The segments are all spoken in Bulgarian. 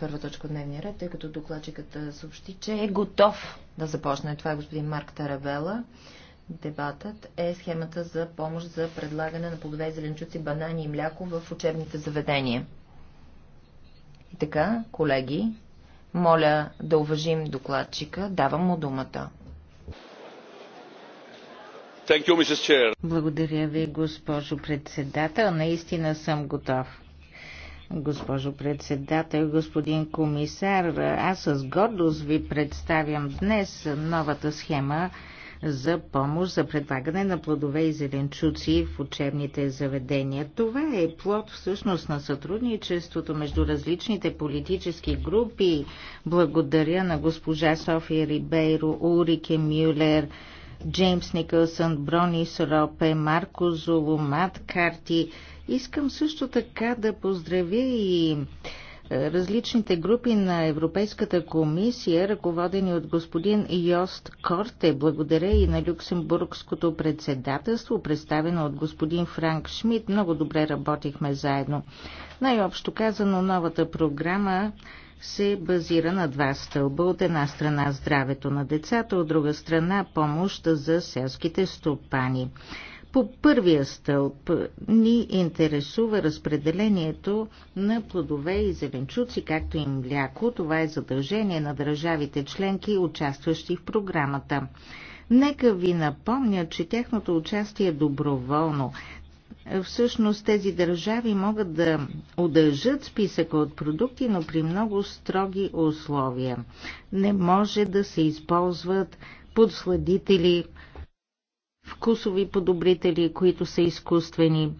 първа точка от дневния ред, тъй като докладчикът съобщи, че е готов да започне. Това е господин Марк Тарабела. Дебатът е схемата за помощ за предлагане на плодове, зеленчуци, банани и мляко в учебните заведения. И така, колеги, моля да уважим докладчика. Давам му думата. Благодаря ви, госпожо председател. Наистина съм готов госпожо председател, господин комисар. Аз с гордост ви представям днес новата схема за помощ за предлагане на плодове и зеленчуци в учебните заведения. Това е плод всъщност на сътрудничеството между различните политически групи. Благодаря на госпожа София Рибейро, Урике Мюлер, Джеймс Никълсън, Брони Ропе, Марко Зулу, Мат Карти. Искам също така да поздравя и е, различните групи на Европейската комисия, ръководени от господин Йост Корте, благодаря и на Люксембургското председателство, представено от господин Франк Шмидт. Много добре работихме заедно. Най-общо казано, новата програма се базира на два стълба. От една страна здравето на децата, от друга страна помощ за селските стопани. По първия стълб ни интересува разпределението на плодове и зеленчуци, както и мляко. Това е задължение на държавите членки, участващи в програмата. Нека ви напомня, че тяхното участие е доброволно. Всъщност тези държави могат да удържат списъка от продукти, но при много строги условия. Не може да се използват подсладители, вкусови подобрители, които са изкуствени.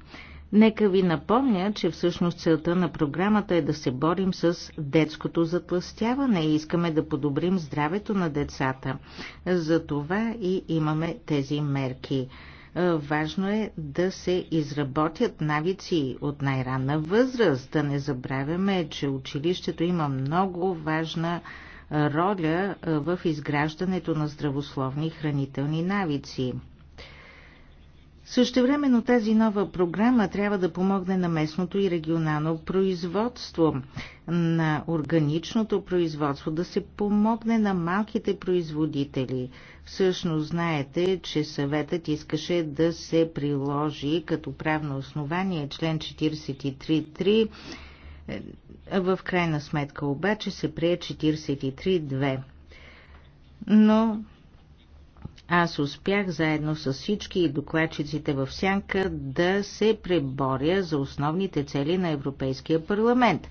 Нека ви напомня, че всъщност целта на програмата е да се борим с детското затластяване и искаме да подобрим здравето на децата. За това и имаме тези мерки. Е, важно е да се изработят навици от най-ранна възраст. Да не забравяме, че училището има много важна е, роля е, в изграждането на здравословни хранителни навици. Същевременно тази нова програма трябва да помогне на местното и регионално производство, на органичното производство, да се помогне на малките производители. Всъщност знаете, че съветът искаше да се приложи като правно основание член 43.3 в крайна сметка обаче се прие 43.2. Но аз успях заедно с всички и докладчиците в сянка да се преборя за основните цели на Европейския парламент.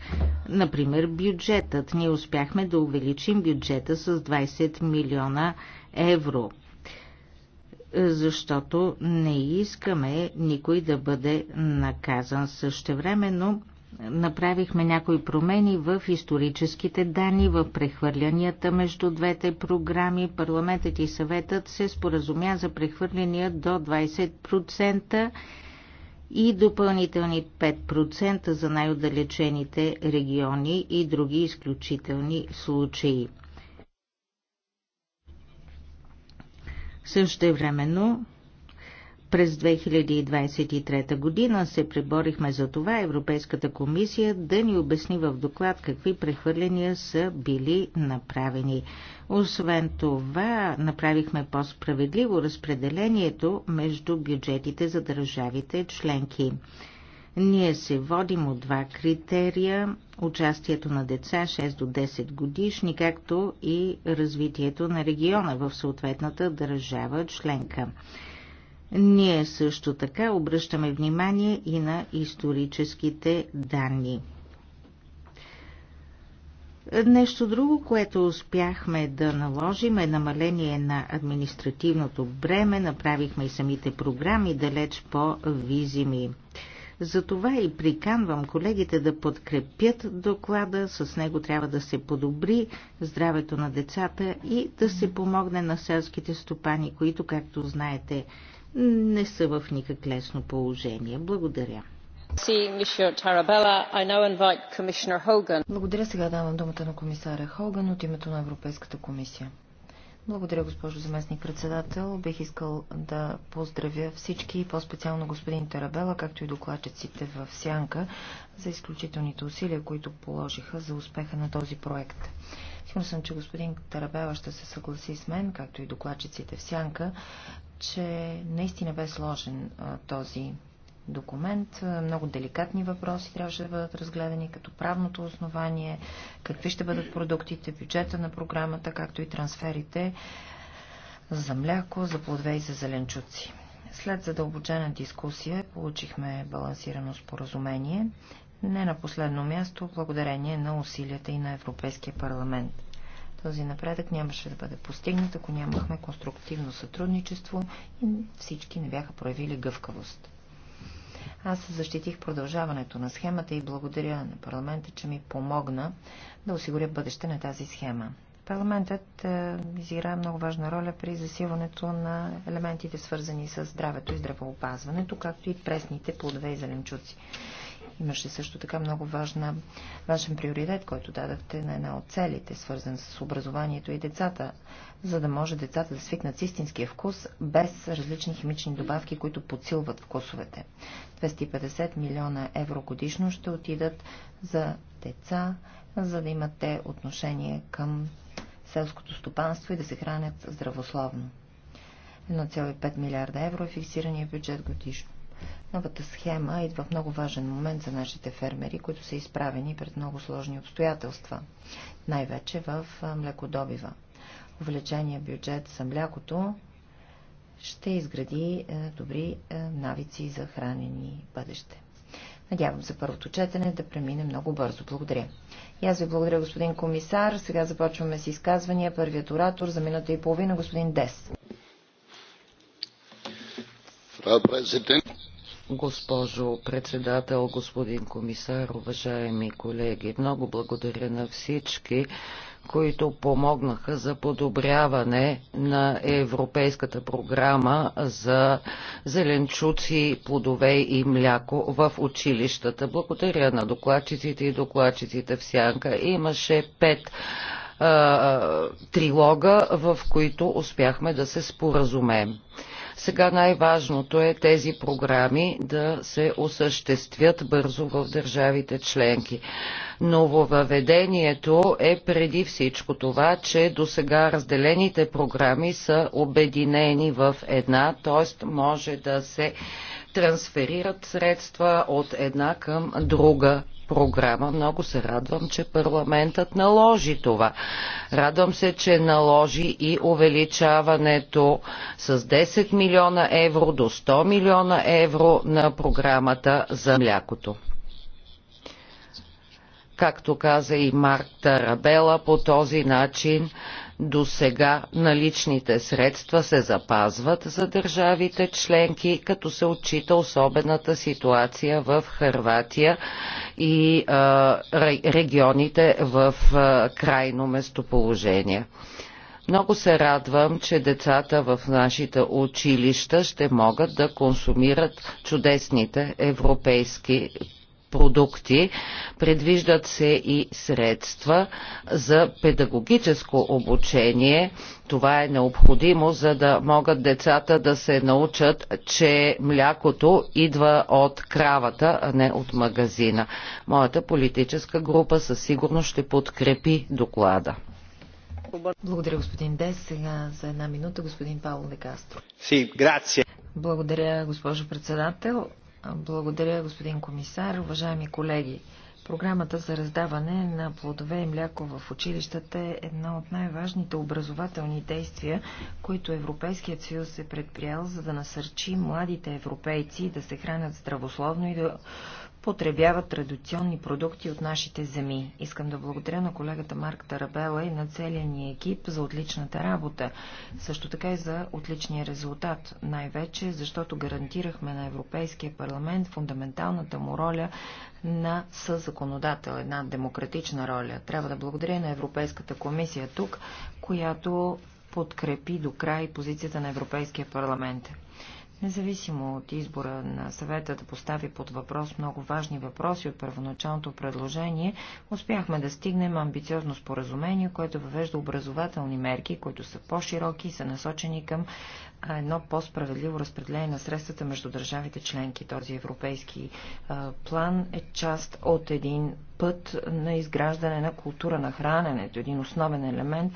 Например, бюджетът. Ние успяхме да увеличим бюджета с 20 милиона евро защото не искаме никой да бъде наказан същевременно направихме някои промени в историческите данни, в прехвърлянията между двете програми. Парламентът и съветът се споразумя за прехвърляния до 20% и допълнителни 5% за най-отдалечените региони и други изключителни случаи. Също времено през 2023 година се преборихме за това Европейската комисия да ни обясни в доклад какви прехвърляния са били направени. Освен това, направихме по-справедливо разпределението между бюджетите за държавите членки. Ние се водим от два критерия – участието на деца 6 до 10 годишни, както и развитието на региона в съответната държава членка. Ние също така обръщаме внимание и на историческите данни. Нещо друго, което успяхме да наложим е намаление на административното бреме. Направихме и самите програми далеч по-визими. Затова и приканвам колегите да подкрепят доклада, с него трябва да се подобри здравето на децата и да се помогне на селските стопани, които, както знаете, не са в никак лесно положение. Благодаря. Благодаря. Сега давам думата на комисаря Хоган от името на Европейската комисия. Благодаря, госпожо заместник председател. Бих искал да поздравя всички, по-специално господин Тарабела, както и докладчиците в Сянка, за изключителните усилия, които положиха за успеха на този проект. Сигурно съм, че господин Тарабела ще се съгласи с мен, както и докладчиците в Сянка, че наистина бе сложен а, този документ. Много деликатни въпроси трябваше да бъдат разгледани, като правното основание, какви ще бъдат продуктите, бюджета на програмата, както и трансферите за мляко, за плодове и за зеленчуци. След задълбочена дискусия получихме балансирано споразумение, не на последно място, благодарение на усилията и на Европейския парламент. Този напредък нямаше да бъде постигнат, ако нямахме конструктивно сътрудничество и всички не бяха проявили гъвкавост. Аз защитих продължаването на схемата и благодаря на парламента, че ми помогна да осигуря бъдеще на тази схема. Парламентът е, изиграе много важна роля при засилването на елементите, свързани с здравето и здравеопазването, както и пресните плодове и зеленчуци. Имаше също така много важна, важен приоритет, който дадахте на една от целите, свързан с образованието и децата, за да може децата да свикнат с истинския вкус, без различни химични добавки, които подсилват вкусовете. 250 милиона евро годишно ще отидат за деца, за да имат те отношение към селското стопанство и да се хранят здравословно. 1,5 милиарда евро е фиксирания бюджет годишно. Новата схема идва в много важен момент за нашите фермери, които са изправени пред много сложни обстоятелства, най-вече в млекодобива. Увлечения бюджет за млякото ще изгради добри навици за хранени бъдеще. Надявам се първото четене да премине много бързо. Благодаря. И аз ви благодаря, господин комисар. Сега започваме с изказвания. Първият оратор за минута и половина, господин Дес. Госпожо председател, господин комисар, уважаеми колеги, много благодаря на всички, които помогнаха за подобряване на Европейската програма за зеленчуци, плодове и мляко в училищата. Благодаря на докладчиците и докладчиците в Сянка. Имаше пет а, трилога, в които успяхме да се споразумеем. Сега най-важното е тези програми да се осъществят бързо в държавите членки. Нововъведението е преди всичко това, че до сега разделените програми са обединени в една, т.е. може да се трансферират средства от една към друга програма. Много се радвам, че парламентът наложи това. Радвам се, че наложи и увеличаването с 10 милиона евро до 100 милиона евро на програмата за млякото. Както каза и Марк Тарабела, по този начин до сега наличните средства се запазват за държавите членки, като се отчита особената ситуация в Харватия и а, регионите в а, крайно местоположение. Много се радвам, че децата в нашите училища ще могат да консумират чудесните европейски продукти. Предвиждат се и средства за педагогическо обучение. Това е необходимо, за да могат децата да се научат, че млякото идва от кравата, а не от магазина. Моята политическа група със сигурност ще подкрепи доклада. Благодаря, господин Дес. Сега за една минута господин Павло Декастро. Благодаря, госпожо председател. Благодаря, господин комисар. Уважаеми колеги, програмата за раздаване на плодове и мляко в училищата е една от най-важните образователни действия, които Европейският съюз е предприял, за да насърчи младите европейци да се хранят здравословно и да потребяват традиционни продукти от нашите земи. Искам да благодаря на колегата Марк Тарабела и на целия ни екип за отличната работа, също така и за отличния резултат, най-вече защото гарантирахме на Европейския парламент фундаменталната му роля на съзаконодател, една демократична роля. Трябва да благодаря на Европейската комисия тук, която подкрепи до край позицията на Европейския парламент. Независимо от избора на съвета да постави под въпрос много важни въпроси от първоначалното предложение, успяхме да стигнем амбициозно споразумение, което въвежда образователни мерки, които са по-широки и са насочени към едно по-справедливо разпределение на средствата между държавите членки. Този европейски план е част от един път на изграждане на култура на храненето, един основен елемент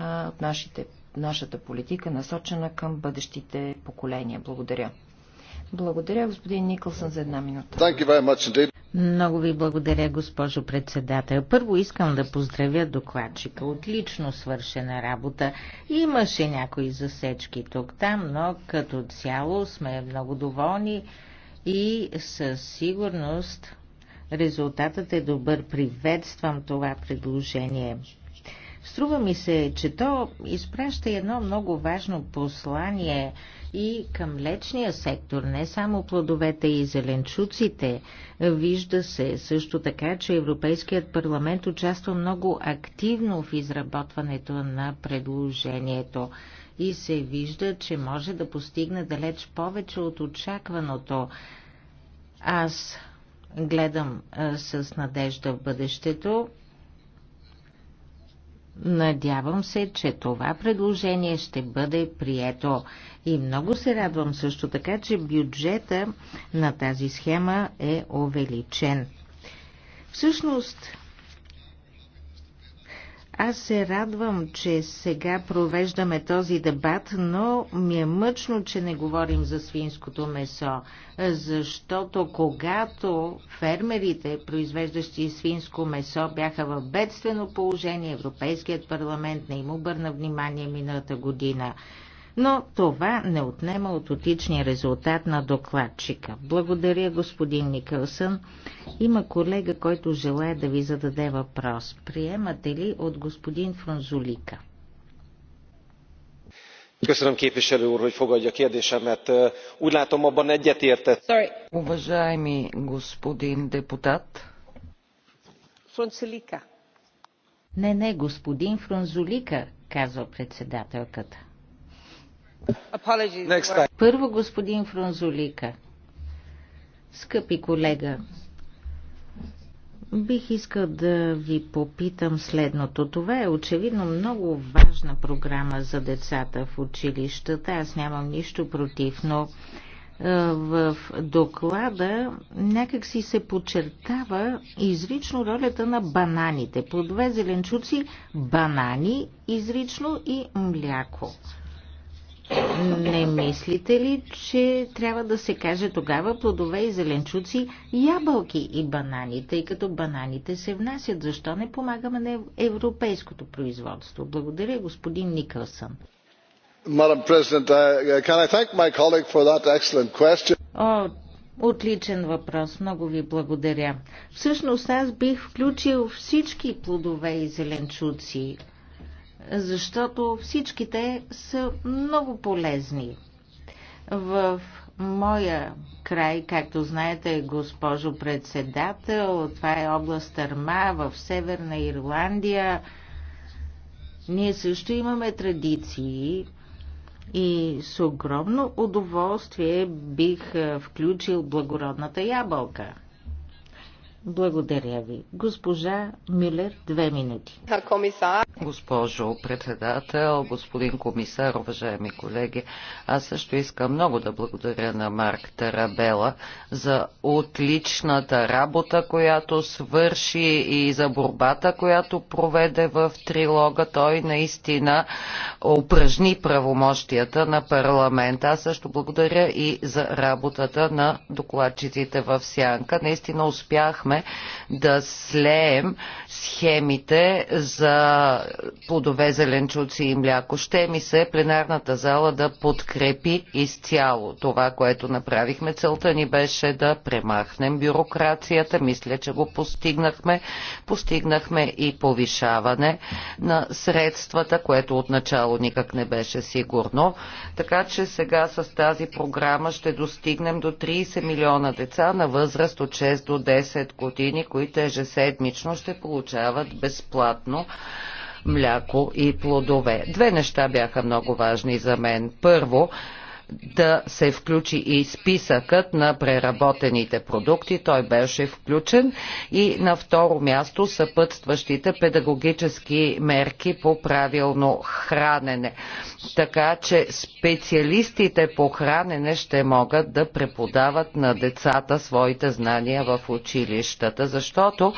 от нашите нашата политика, насочена към бъдещите поколения. Благодаря. Благодаря, господин Никълсън, за една минута. Много ви благодаря, госпожо председател. Първо искам да поздравя докладчика. Отлично свършена работа. Имаше някои засечки тук-там, но като цяло сме много доволни и със сигурност резултатът е добър. Приветствам това предложение. Струва ми се, че то изпраща едно много важно послание и към млечния сектор, не само плодовете и зеленчуците. Вижда се също така, че Европейският парламент участва много активно в изработването на предложението и се вижда, че може да постигне далеч повече от очакваното. Аз гледам с надежда в бъдещето Надявам се, че това предложение ще бъде прието. И много се радвам също така, че бюджета на тази схема е увеличен. Всъщност, аз се радвам, че сега провеждаме този дебат, но ми е мъчно, че не говорим за свинското месо, защото когато фермерите, произвеждащи свинско месо, бяха в бедствено положение, Европейският парламент не им обърна внимание миналата година но това не отнема от отичния резултат на докладчика. Благодаря, господин Никълсън. Има колега, който желая да ви зададе въпрос. Приемате ли от господин Франзулика? Köszönöm képviselő úr, hogy fogadja kérdésemet. Úgy látom, abban egyetértett. Уважаеми господин депутат. Франзулика. Не, не, господин Франзулика, казва председателката. Първо господин Фронзолика, Скъпи колега, бих искал да ви попитам следното. Това е очевидно много важна програма за децата в училищата. Аз нямам нищо против, но е, в доклада някак си се подчертава изрично ролята на бананите. По две зеленчуци банани изрично и мляко. Не мислите ли, че трябва да се каже тогава плодове и зеленчуци, ябълки и банани, тъй като бананите се внасят? Защо не помагаме на европейското производство? Благодаря, господин Никълсън. Uh, О, отличен въпрос. Много ви благодаря. Всъщност аз бих включил всички плодове и зеленчуци защото всичките са много полезни. В моя край, както знаете, госпожо председател, това е област Търма в Северна Ирландия. Ние също имаме традиции и с огромно удоволствие бих включил благородната ябълка. Благодаря ви. Госпожа Милер, две минути. Комисар. Госпожо председател, господин комисар, уважаеми колеги, аз също искам много да благодаря на Марк Тарабела за отличната работа, която свърши и за борбата, която проведе в трилога. Той наистина упражни правомощията на парламента. Аз също благодаря и за работата на докладчиците в Сянка. Наистина успяхме успяхме да слеем схемите за плодове, зеленчуци и мляко. Ще ми се пленарната зала да подкрепи изцяло това, което направихме. Целта ни беше да премахнем бюрокрацията. Мисля, че го постигнахме. Постигнахме и повишаване на средствата, което отначало никак не беше сигурно. Така че сега с тази програма ще достигнем до 30 милиона деца на възраст от 6 до 10 години котини, които ежеседмично ще получават безплатно мляко и плодове. Две неща бяха много важни за мен. Първо, да се включи и списъкът на преработените продукти. Той беше включен и на второ място съпътстващите педагогически мерки по правилно хранене. Така че специалистите по хранене ще могат да преподават на децата своите знания в училищата, защото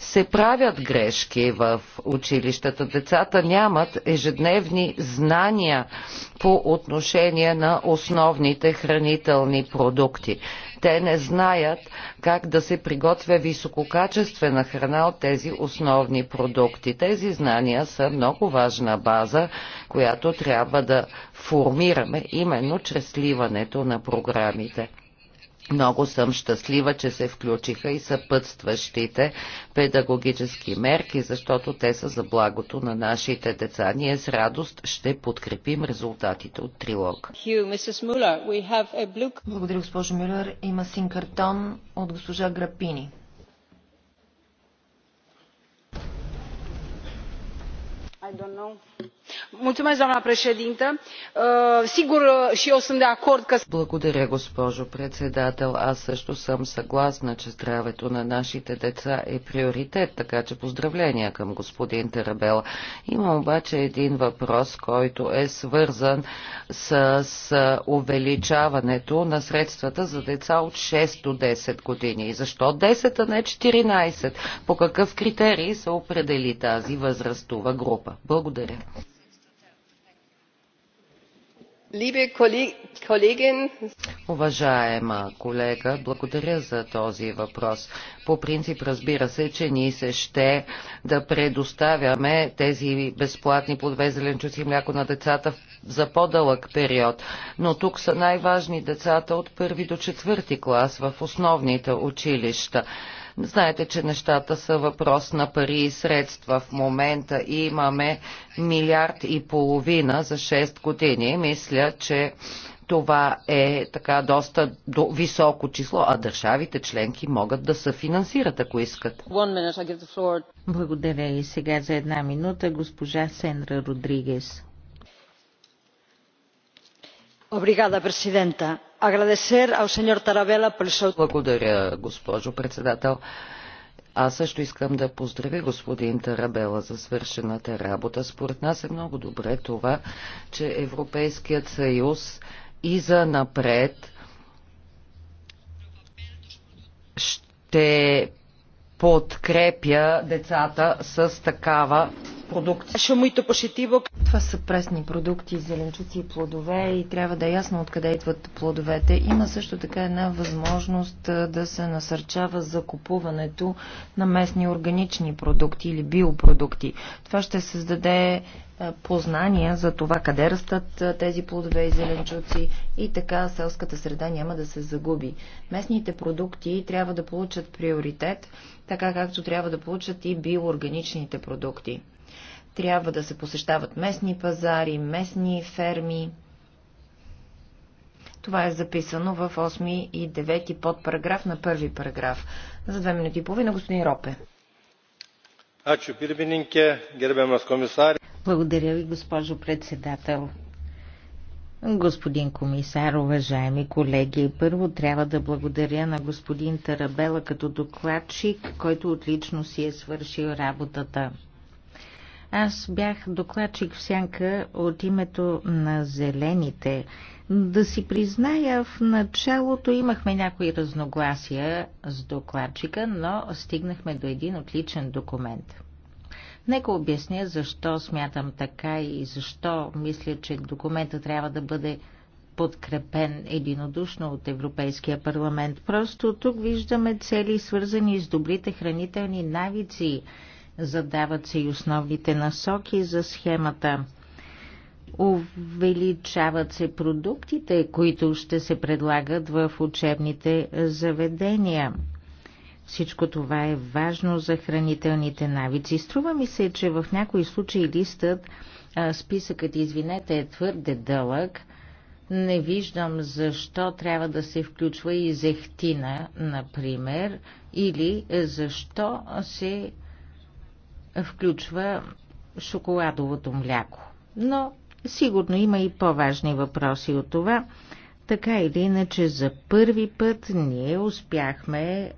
се правят грешки в училищата. Децата нямат ежедневни знания по отношение на основните хранителни продукти. Те не знаят как да се приготвя висококачествена храна от тези основни продукти. Тези знания са много важна база, която трябва да формираме именно чрез сливането на програмите. Много съм щастлива, че се включиха и съпътстващите педагогически мерки, защото те са за благото на нашите деца. Ние с радост ще подкрепим резултатите от трилог. Благодаря, госпожо Мюллер. Има син картон от госпожа Грапини doamnă președintă uh, sigur uh, și eu sunt de acord că. Благодаря, госпожо председател. Аз също съм съгласна, че здравето на нашите деца е приоритет, така че поздравления към господин Терабела. Има обаче един въпрос, който е свързан с увеличаването на средствата за деца от 6 до 10 години. И защо 10, а не 14? По какъв критерий се определи тази възрастова група? Благодаря. Уважаема колега, благодаря за този въпрос. По принцип разбира се, че ние се ще да предоставяме тези безплатни плодове, зеленчуци и мляко на децата за по-дълъг период. Но тук са най-важни децата от първи до четвърти клас в основните училища. Знаете, че нещата са въпрос на пари и средства. В момента имаме милиард и половина за 6 години. Мисля, че това е така доста до, високо число, а държавите членки могат да се финансират, ако искат. Благодаря и сега за една минута госпожа Сенра Родригес señora presidenta agradecer al señor tarabella por su. благодаря госпожо председател. аз също искам да поздравя господин тарабела за свършената работа. според нас е много добре това че европейският съюз и занапред ще подкрепя децата с такава продукти. Е, това са пресни продукти, зеленчуци и плодове и трябва да е ясно откъде идват плодовете. Има също така една възможност да се насърчава закупуването на местни органични продукти или биопродукти. Това ще създаде познания за това къде растат тези плодове и зеленчуци и така селската среда няма да се загуби. Местните продукти трябва да получат приоритет, така както трябва да получат и биоорганичните продукти. Трябва да се посещават местни пазари, местни ферми. Това е записано в 8 и 9 подпараграф на първи параграф. За две минути и половина, господин Ропе. Благодаря ви, госпожо председател. Господин комисар, уважаеми колеги, първо трябва да благодаря на господин Тарабела като докладчик, който отлично си е свършил работата. Аз бях докладчик в сянка от името на зелените. Да си призная, в началото имахме някои разногласия с докладчика, но стигнахме до един отличен документ. Нека обясня защо смятам така и защо мисля, че документа трябва да бъде подкрепен единодушно от Европейския парламент. Просто тук виждаме цели, свързани с добрите хранителни навици, Задават се и основните насоки за схемата. Увеличават се продуктите, които ще се предлагат в учебните заведения. Всичко това е важно за хранителните навици. Струва ми се, че в някои случаи листът, списъкът, извинете, е твърде дълъг. Не виждам защо трябва да се включва и зехтина, например, или защо се включва шоколадовото мляко. Но сигурно има и по-важни въпроси от това. Така или иначе, за първи път ние успяхме е,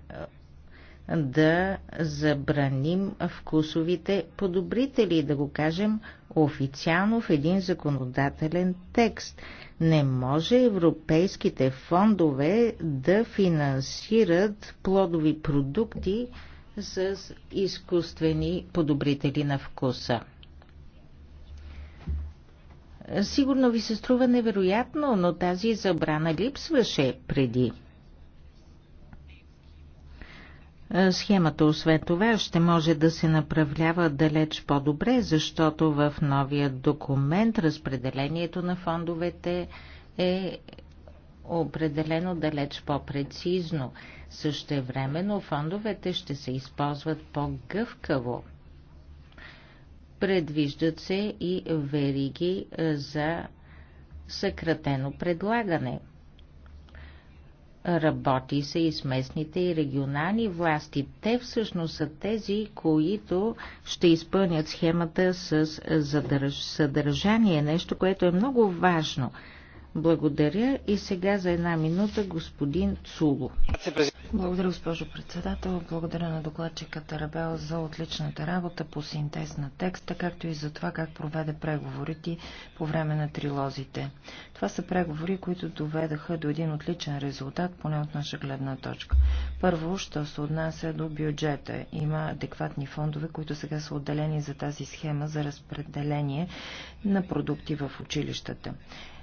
да забраним вкусовите подобрители, да го кажем официално в един законодателен текст. Не може европейските фондове да финансират плодови продукти, с изкуствени подобрители на вкуса. Сигурно ви се струва невероятно, но тази забрана липсваше преди. Схемата, освен това, ще може да се направлява далеч по-добре, защото в новия документ разпределението на фондовете е определено далеч по-прецизно. Същевременно фондовете ще се използват по-гъвкаво. Предвиждат се и вериги за съкратено предлагане. Работи се и с местните и регионални власти. Те всъщност са тези, които ще изпълнят схемата с съдържание, нещо, което е много важно. Благодаря и сега за една минута господин Цуло. Благодаря, госпожо председател. Благодаря на докладчика Тарабел за отличната работа по синтез на текста, както и за това как проведе преговорите по време на трилозите. Това са преговори, които доведаха до един отличен резултат, поне от наша гледна точка. Първо, що се отнася до бюджета. Има адекватни фондове, които сега са отделени за тази схема за разпределение на продукти в училищата.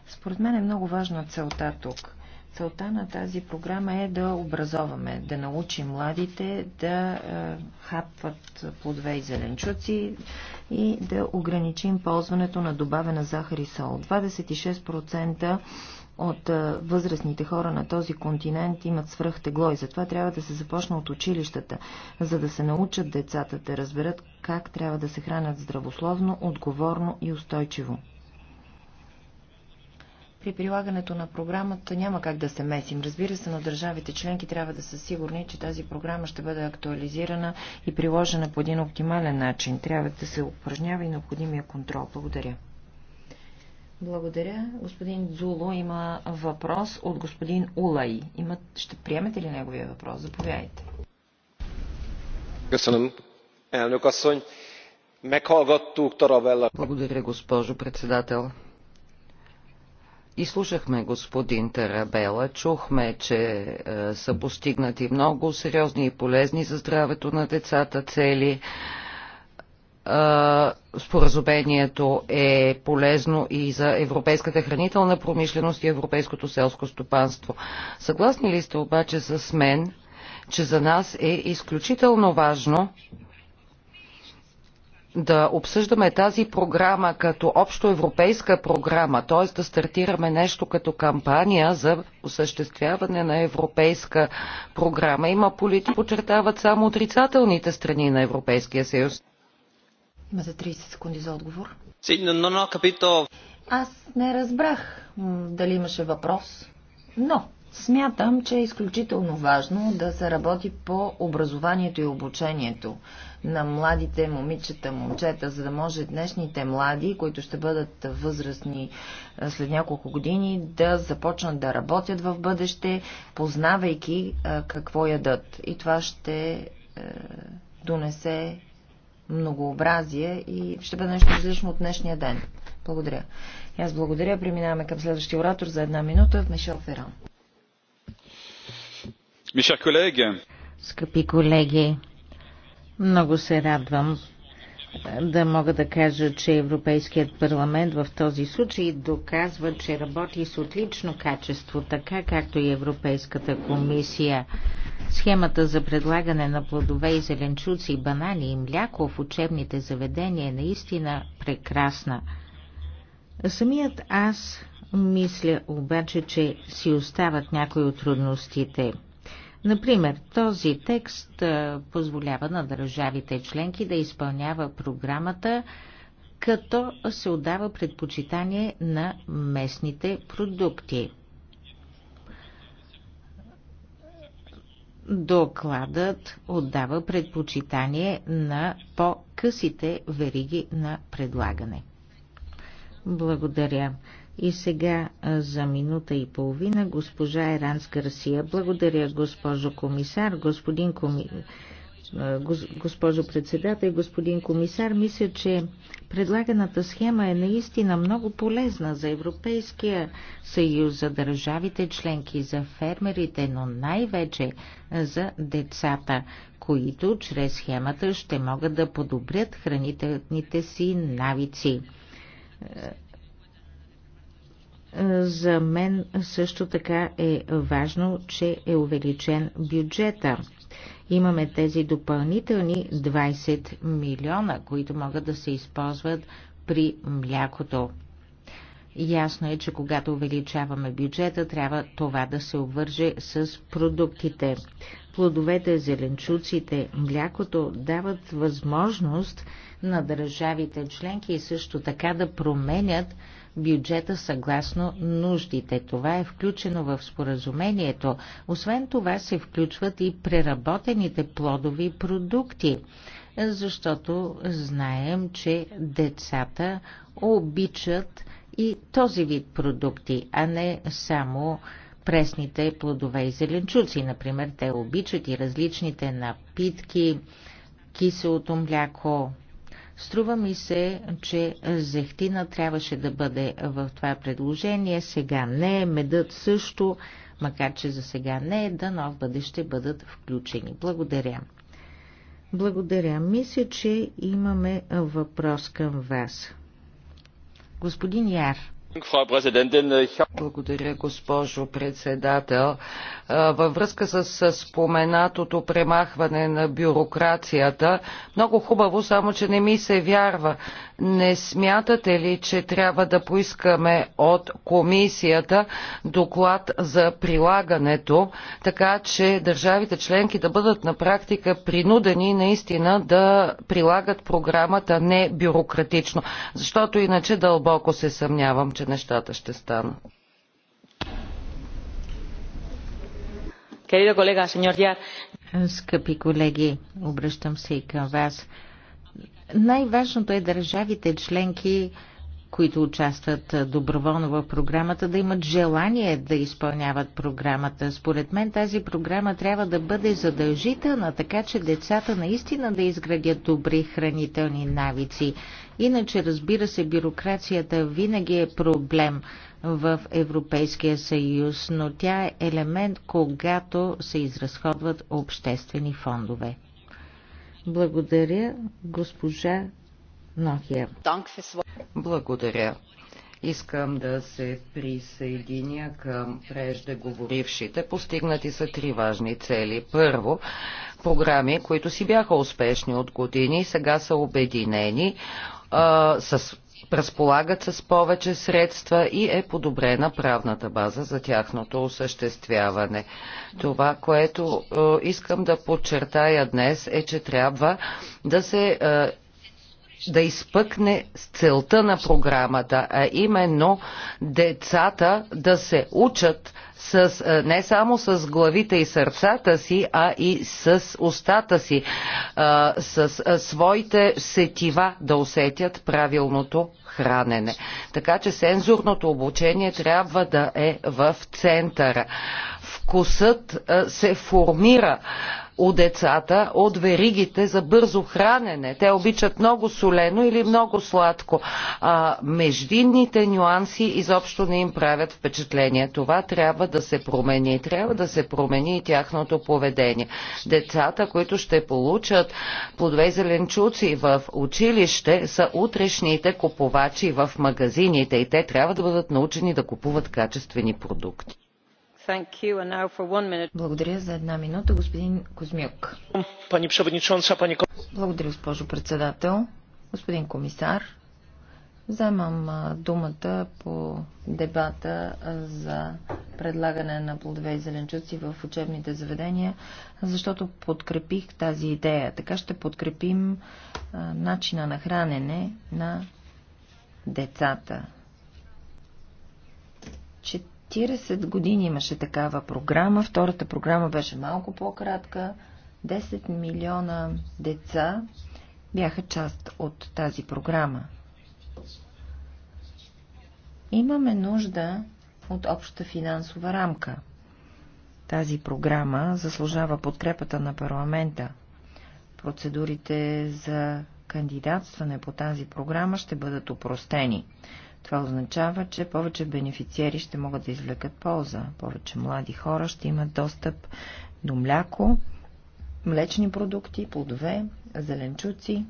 Според мен е много важна целта тук – Целта на тази програма е да образоваме, да научим младите да е, хапват плодове и зеленчуци и да ограничим ползването на добавена захар и сол. 26% от е, възрастните хора на този континент имат свръхтегло и затова трябва да се започне от училищата, за да се научат децата да разберат как трябва да се хранят здравословно, отговорно и устойчиво. При прилагането на програмата няма как да се месим. Разбира се, но държавите членки трябва да са сигурни, че тази програма ще бъде актуализирана и приложена по един оптимален начин. Трябва да се упражнява и необходимия контрол. Благодаря. Благодаря. Господин Дзуло има въпрос от господин Улай. Имат... Ще приемете ли неговия въпрос? Заповядайте. Благодаря, госпожо председател. Изслушахме господин Тарабела, чухме, че е, са постигнати много сериозни и полезни за здравето на децата цели. Е, споразумението е полезно и за европейската хранителна промишленост и европейското селско стопанство. Съгласни ли сте обаче с мен, че за нас е изключително важно да обсъждаме тази програма като общоевропейска програма, т.е. да стартираме нещо като кампания за осъществяване на европейска програма. Има полити, подчертават само отрицателните страни на Европейския съюз. Има за 30 секунди за отговор. Аз не разбрах дали имаше въпрос, но Смятам, че е изключително важно да се работи по образованието и обучението на младите момичета, момчета, за да може днешните млади, които ще бъдат възрастни е, след няколко години, да започнат да работят в бъдеще, познавайки е, какво ядат. И това ще е, донесе многообразие и ще бъде нещо различно от днешния ден. Благодаря. И аз благодаря. Преминаваме към следващия оратор за една минута. Мишел Феран. Скъпи колеги, много се радвам да мога да кажа, че Европейският парламент в този случай доказва, че работи с отлично качество, така както и Европейската комисия. Схемата за предлагане на плодове и зеленчуци, банани и мляко в учебните заведения е наистина прекрасна. Самият аз мисля обаче, че си остават някои от трудностите – Например, този текст позволява на държавите членки да изпълнява програмата, като се отдава предпочитание на местните продукти. Докладът отдава предпочитание на по-късите вериги на предлагане. Благодаря. И сега за минута и половина госпожа Еранс Гарсия. Благодаря, госпожо комисар, господин коми... госпожо председател, и господин комисар. Мисля, че предлаганата схема е наистина много полезна за Европейския съюз, за държавите членки, за фермерите, но най-вече за децата, които чрез схемата ще могат да подобрят хранителните си навици за мен също така е важно, че е увеличен бюджета. Имаме тези допълнителни 20 милиона, които могат да се използват при млякото. Ясно е, че когато увеличаваме бюджета, трябва това да се обвърже с продуктите. Плодовете, зеленчуците, млякото дават възможност на държавите членки и също така да променят бюджета съгласно нуждите. Това е включено в споразумението. Освен това се включват и преработените плодови продукти, защото знаем, че децата обичат и този вид продукти, а не само пресните плодове и зеленчуци. Например, те обичат и различните напитки, киселото мляко. Струва ми се, че зехтина трябваше да бъде в това предложение. Сега не е, медът също, макар че за сега не е, дано в бъдеще бъдат включени. Благодаря. Благодаря. Мисля, че имаме въпрос към вас. Господин Яр. Благодаря, госпожо председател. Във връзка с споменатото премахване на бюрокрацията, много хубаво, само че не ми се вярва. Не смятате ли, че трябва да поискаме от комисията доклад за прилагането, така че държавите членки да бъдат на практика принудени наистина да прилагат програмата не бюрократично? Защото иначе дълбоко се съмнявам, че нещата ще станат. Скъпи колеги, обръщам се и към вас. Най-важното е държавите членки, които участват доброволно в програмата, да имат желание да изпълняват програмата. Според мен тази програма трябва да бъде задължителна, така че децата наистина да изградят добри хранителни навици. Иначе, разбира се, бюрокрацията винаги е проблем в Европейския съюз, но тя е елемент, когато се изразходват обществени фондове. Благодаря, госпожа Нохия. Благодаря. Искам да се присъединя към преждеговорившите. Постигнати са три важни цели. Първо, програми, които си бяха успешни от години, сега са обединени а, с, разполагат с повече средства и е подобрена правната база за тяхното осъществяване. Това, което а, искам да подчертая днес е, че трябва да се а, да изпъкне с целта на програмата, а именно децата да се учат с, не само с главите и сърцата си, а и с устата си, с своите сетива да усетят правилното хранене. Така че сензорното обучение трябва да е в центъра. Вкусът се формира у децата от веригите за бързо хранене. Те обичат много солено или много сладко. А междинните нюанси изобщо не им правят впечатление. Това трябва да се промени. Трябва да се промени и тяхното поведение. Децата, които ще получат плодове и зеленчуци в училище, са утрешните купувачи в магазините и те трябва да бъдат научени да купуват качествени продукти. Благодаря за една минута, господин Козмюк. Благодаря, госпожо председател. Господин комисар, вземам думата по дебата за предлагане на плодове и зеленчуци в учебните заведения, защото подкрепих тази идея. Така ще подкрепим начина на хранене на децата. Чет 40 години имаше такава програма. Втората програма беше малко по-кратка. 10 милиона деца бяха част от тази програма. Имаме нужда от обща финансова рамка. Тази програма заслужава подкрепата на парламента. Процедурите за кандидатстване по тази програма ще бъдат упростени. Това означава, че повече бенефициери ще могат да извлекат полза. Повече млади хора ще имат достъп до мляко, млечни продукти, плодове, зеленчуци.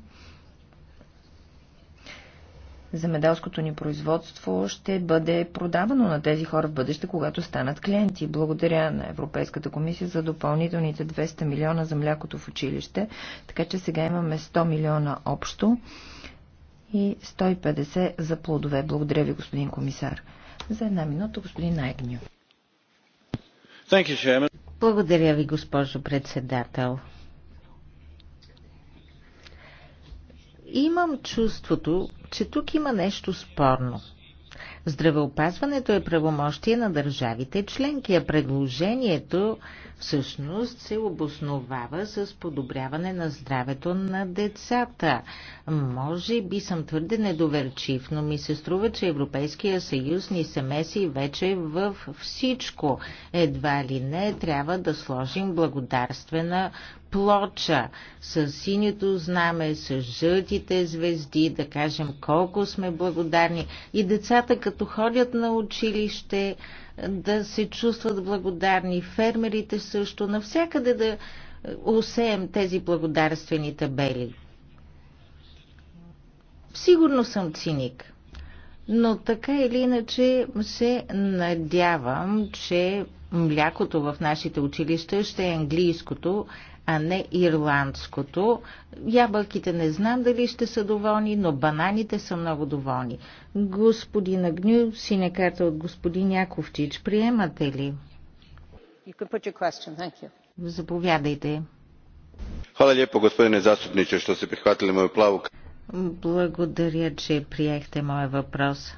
Замедалското ни производство ще бъде продавано на тези хора в бъдеще, когато станат клиенти. Благодаря на Европейската комисия за допълнителните 200 милиона за млякото в училище, така че сега имаме 100 милиона общо и 150 за плодове. Благодаря ви, господин комисар. За една минута, господин Айгню. Благодаря ви, госпожо председател. Имам чувството, че тук има нещо спорно. Здравеопазването е правомощие на държавите членки, а предложението всъщност се обосновава с подобряване на здравето на децата. Може би съм твърде недоверчив, но ми се струва, че Европейския съюз ни се меси вече в всичко. Едва ли не трябва да сложим благодарствена плоча с синьото знаме, с жълтите звезди, да кажем колко сме благодарни и децата като ходят на училище да се чувстват благодарни, фермерите също, навсякъде да е, усеем тези благодарствени табели. Сигурно съм циник, но така или иначе се надявам, че млякото в нашите училища ще е английското, а не ирландското. Ябълките не знам дали ще са доволни, но бананите са много доволни. Господин Агню, синя карта от господин Яковчич, приемате ли? Заповядайте. Хвала лепо, gospodine заступниче, što се прихватили moju plavu. Благодаря, че приехте моя въпрос.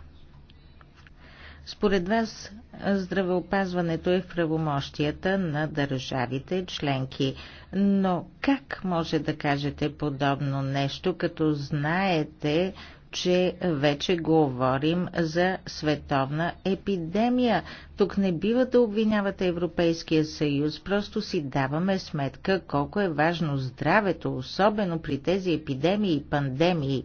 Според вас здравеопазването е в правомощията на държавите членки, но как може да кажете подобно нещо, като знаете, че вече говорим за световна епидемия. Тук не бива да обвинявате Европейския съюз, просто си даваме сметка колко е важно здравето, особено при тези епидемии и пандемии.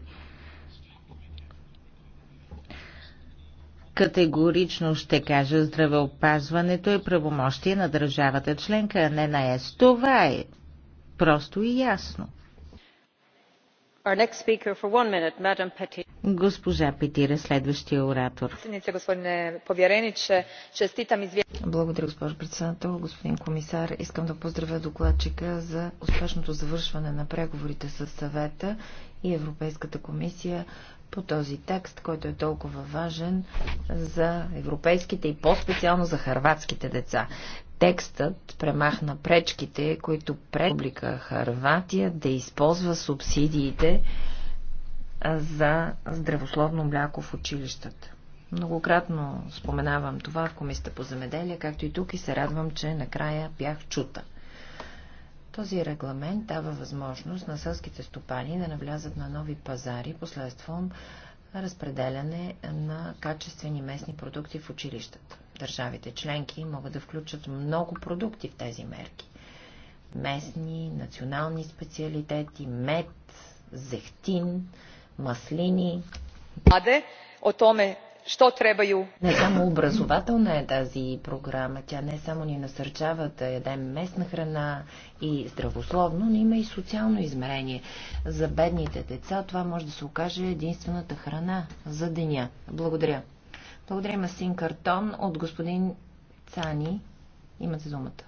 Категорично ще кажа, здравеопазването е правомощие на държавата членка, а не на ЕС. Това е просто и ясно. Minute, Госпожа Петира, следващия оратор. Благодаря, госпожо председател. Господин комисар, искам да поздравя докладчика за успешното завършване на преговорите с съвета и Европейската комисия по този текст, който е толкова важен за европейските и по-специално за харватските деца. Текстът премахна пречките, които пред публика Харватия да използва субсидиите за здравословно мляко в училищата. Многократно споменавам това в Комисията по земеделие, както и тук и се радвам, че накрая бях чута. Този регламент дава възможност на селските стопани да навлязат на нови пазари последствам разпределяне на качествени местни продукти в училищата. Държавите членки могат да включат много продукти в тези мерки. Местни, национални специалитети, мед, зехтин, маслини. Аде, о томе što trebaju. Не само образователна е тази програма, тя не само ни насърчава да ядем местна храна и здравословно, но има и социално измерение. За бедните деца това може да се окаже единствената храна за деня. Благодаря. Благодаря, Масин Картон от господин Цани. Имате думата.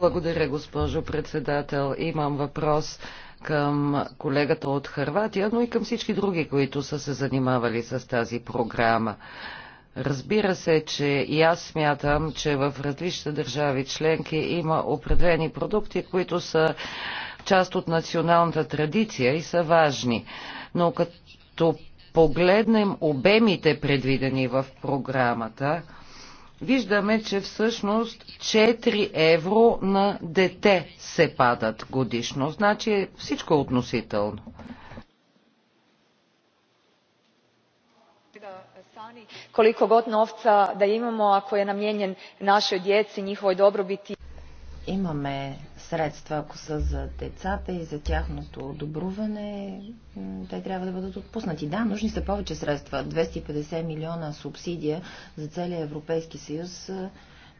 Благодаря, госпожо председател. Имам въпрос към колегата от Харватия, но и към всички други, които са се занимавали с тази програма. Разбира се, че и аз смятам, че в различните държави членки има определени продукти, които са част от националната традиция и са важни. Но като погледнем обемите предвидени в програмата, виждаме, че всъщност 4 евро на дете се падат годишно. Значи е всичко е относително. koliko god novca da imamo ako je namijenjen našoj djeci njihovoj dobrobiti Имаме средства, ако са за децата и за тяхното добруване, те трябва да бъдат отпуснати. Да, нужни са повече средства. 250 милиона субсидия за целия Европейски съюз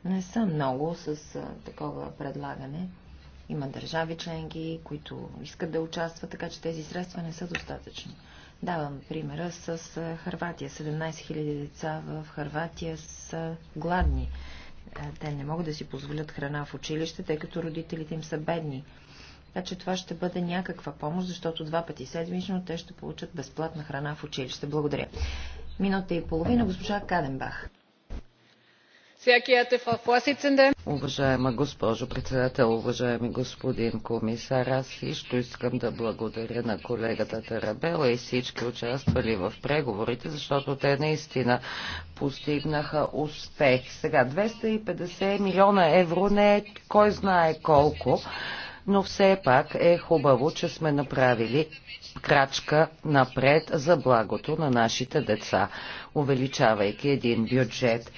не са много с такова предлагане. Има държави членки, които искат да участват, така че тези средства не са достатъчни. Давам примера с Харватия. 17 000 деца в Харватия са гладни. Те не могат да си позволят храна в училище, тъй като родителите им са бедни. Така че това ще бъде някаква помощ, защото два пъти седмично те ще получат безплатна храна в училище. Благодаря. Минута и половина, госпожа Каденбах. Уважаема госпожо председател, уважаеми господин комисар, аз също искам да благодаря на колегата Тарабела и всички участвали в преговорите, защото те наистина постигнаха успех. Сега 250 милиона евро не е кой знае колко, но все пак е хубаво, че сме направили крачка напред за благото на нашите деца, увеличавайки един бюджет.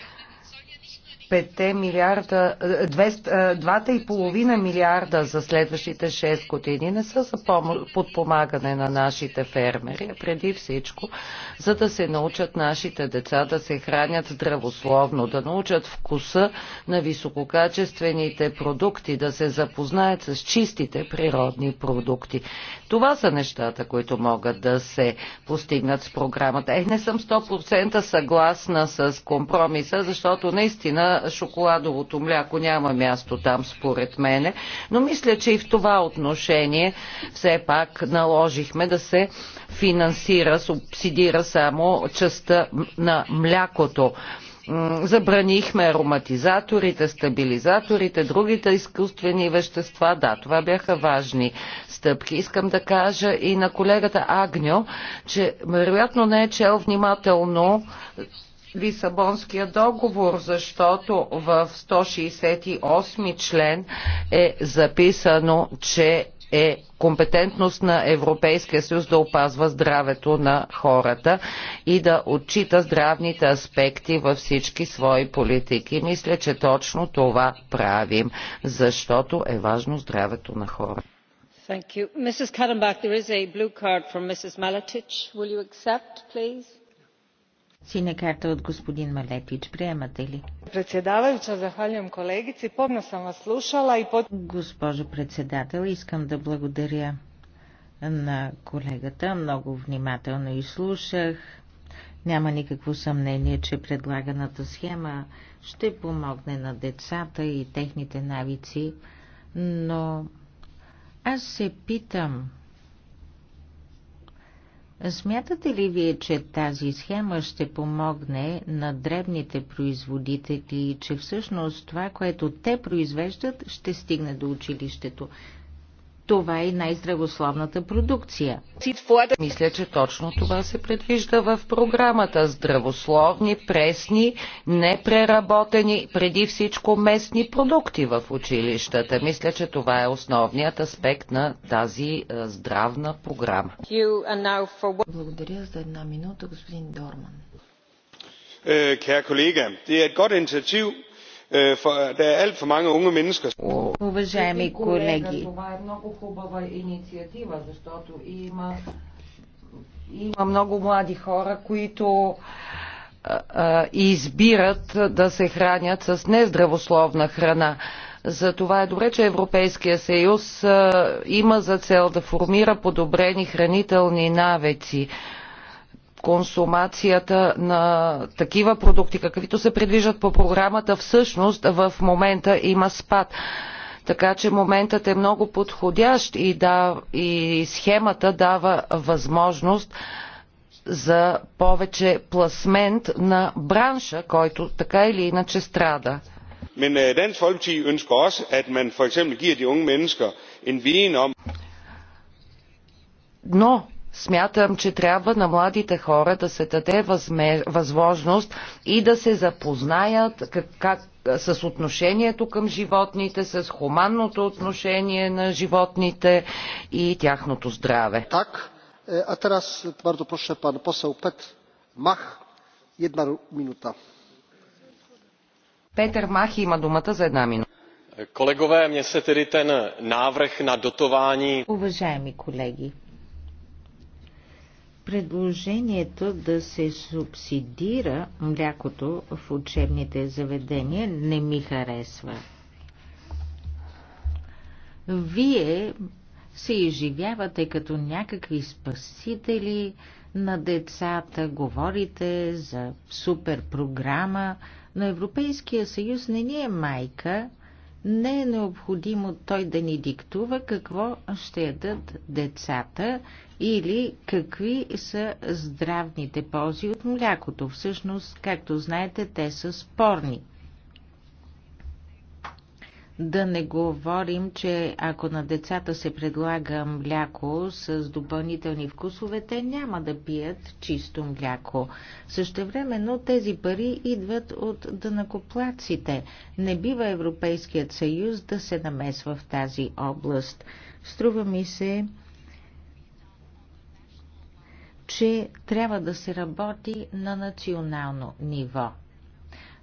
5 милиарда, 2,5 е, е, милиарда за следващите 6 години не са за подпомагане на нашите фермери, преди всичко, за да се научат нашите деца да се хранят здравословно, да научат вкуса на висококачествените продукти, да се запознаят с чистите природни продукти. Това са нещата, които могат да се постигнат с програмата. Ех, не съм 100% съгласна с компромиса, защото наистина шоколадовото мляко няма място там, според мене. Но мисля, че и в това отношение все пак наложихме да се финансира, субсидира само частта на млякото забранихме ароматизаторите, стабилизаторите, другите изкуствени вещества. Да, това бяха важни стъпки. Искам да кажа и на колегата Агньо, че вероятно не е чел внимателно Лисабонския договор, защото в 168 член е записано, че е компетентност на Европейския съюз да опазва здравето на хората и да отчита здравните аспекти във всички свои политики. Мисля, че точно това правим, защото е важно здравето на хората. Thank you. Mrs. Kadenbach, there is a blue card from Mrs. Malatich. Will you accept, please? Синя карта от господин Малетич. Приемате ли? Председаваjuća, zahvaljujem kolegici. Помно съм вас слушала и под... Госпожо председател, искам да благодаря на колегата. Много внимателно изслушах. Няма никакво съмнение, че предлаганата схема ще помогне на децата и техните навици, но аз се питам, Смятате ли вие, че тази схема ще помогне на дребните производители, че всъщност това, което те произвеждат, ще стигне до училището? Това е най-здравословната продукция. Мисля, че точно това се предвижда в програмата. Здравословни, пресни, непреработени, преди всичко местни продукти в училищата. Мисля, че това е основният аспект на тази е, здравна програма. Благодаря за една минута, господин Дорман. Е, Кære колега, е er et godt Øh, er уважаеми колеги, това е много хубава инициатива, защото има, има много млади хора, които избират да се хранят с нездравословна храна. За това е добре, че Европейския съюз има за цел да формира подобрени хранителни навици консумацията на такива продукти, каквито се предвиждат по програмата, всъщност в момента има спад. Така че моментът е много подходящ и, да, и схемата дава възможност за повече пласмент на бранша, който така или иначе страда. Men øh, Dansk Folkeparti ønsker også, at man for eksempel giver de unge mennesker en viden om... Но Смятам, че трябва на младите хора да се даде възме... възможност и да се запознаят как, как, с отношението към животните, с хуманното отношение на животните и тяхното здраве. Так, е, а teraz bardzo proszę pan poseł Pet Mach, jedna minuta. Петър Мах има думата за една минута. Колегове, мне се тери тен návrh на дотовани. Уважаеми колеги, Предложението да се субсидира млякото в учебните заведения не ми харесва. Вие се изживявате като някакви спасители на децата, говорите за супер програма, но Европейския съюз не ни е майка, не е необходимо той да ни диктува какво ще ядат децата или какви са здравните ползи от млякото. Всъщност, както знаете, те са спорни. Да не говорим, че ако на децата се предлага мляко с допълнителни вкусове, те няма да пият чисто мляко. Същевременно тези пари идват от дънакоплаците. Не бива Европейският съюз да се намесва в тази област. Струва ми се, че трябва да се работи на национално ниво.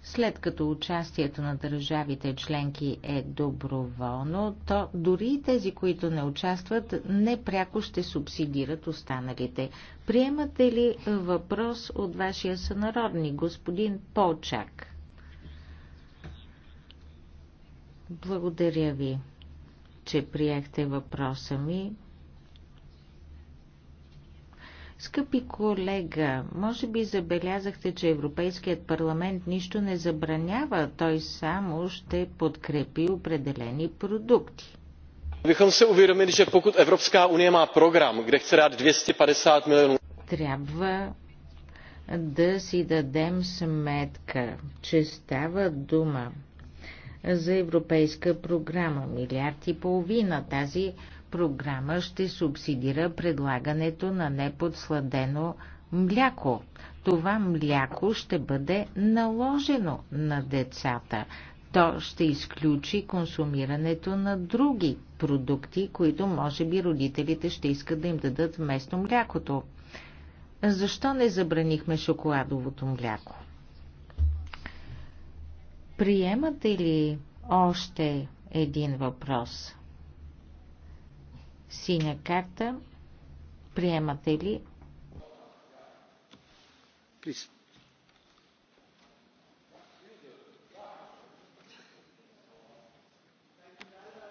След като участието на държавите членки е доброволно, то дори и тези, които не участват, непряко ще субсидират останалите. Приемате ли въпрос от вашия сънародник, господин Полчак? Благодаря ви, че приехте въпроса ми. Скъпи колега, може би забелязахте, че Европейският парламент нищо не забранява, той само ще подкрепи определени продукти. Бихам се уверили, че покуд Европейска уния има програм, где chce dát 250 милиона. Трябва да си дадем сметка, че става дума за европейска програма, милиард и половина. Тази програма ще субсидира предлагането на неподсладено мляко. Това мляко ще бъде наложено на децата. То ще изключи консумирането на други продукти, които може би родителите ще искат да им дадат вместо млякото. Защо не забранихме шоколадовото мляко? Приемате ли още един въпрос? синя карта. Приемате ли?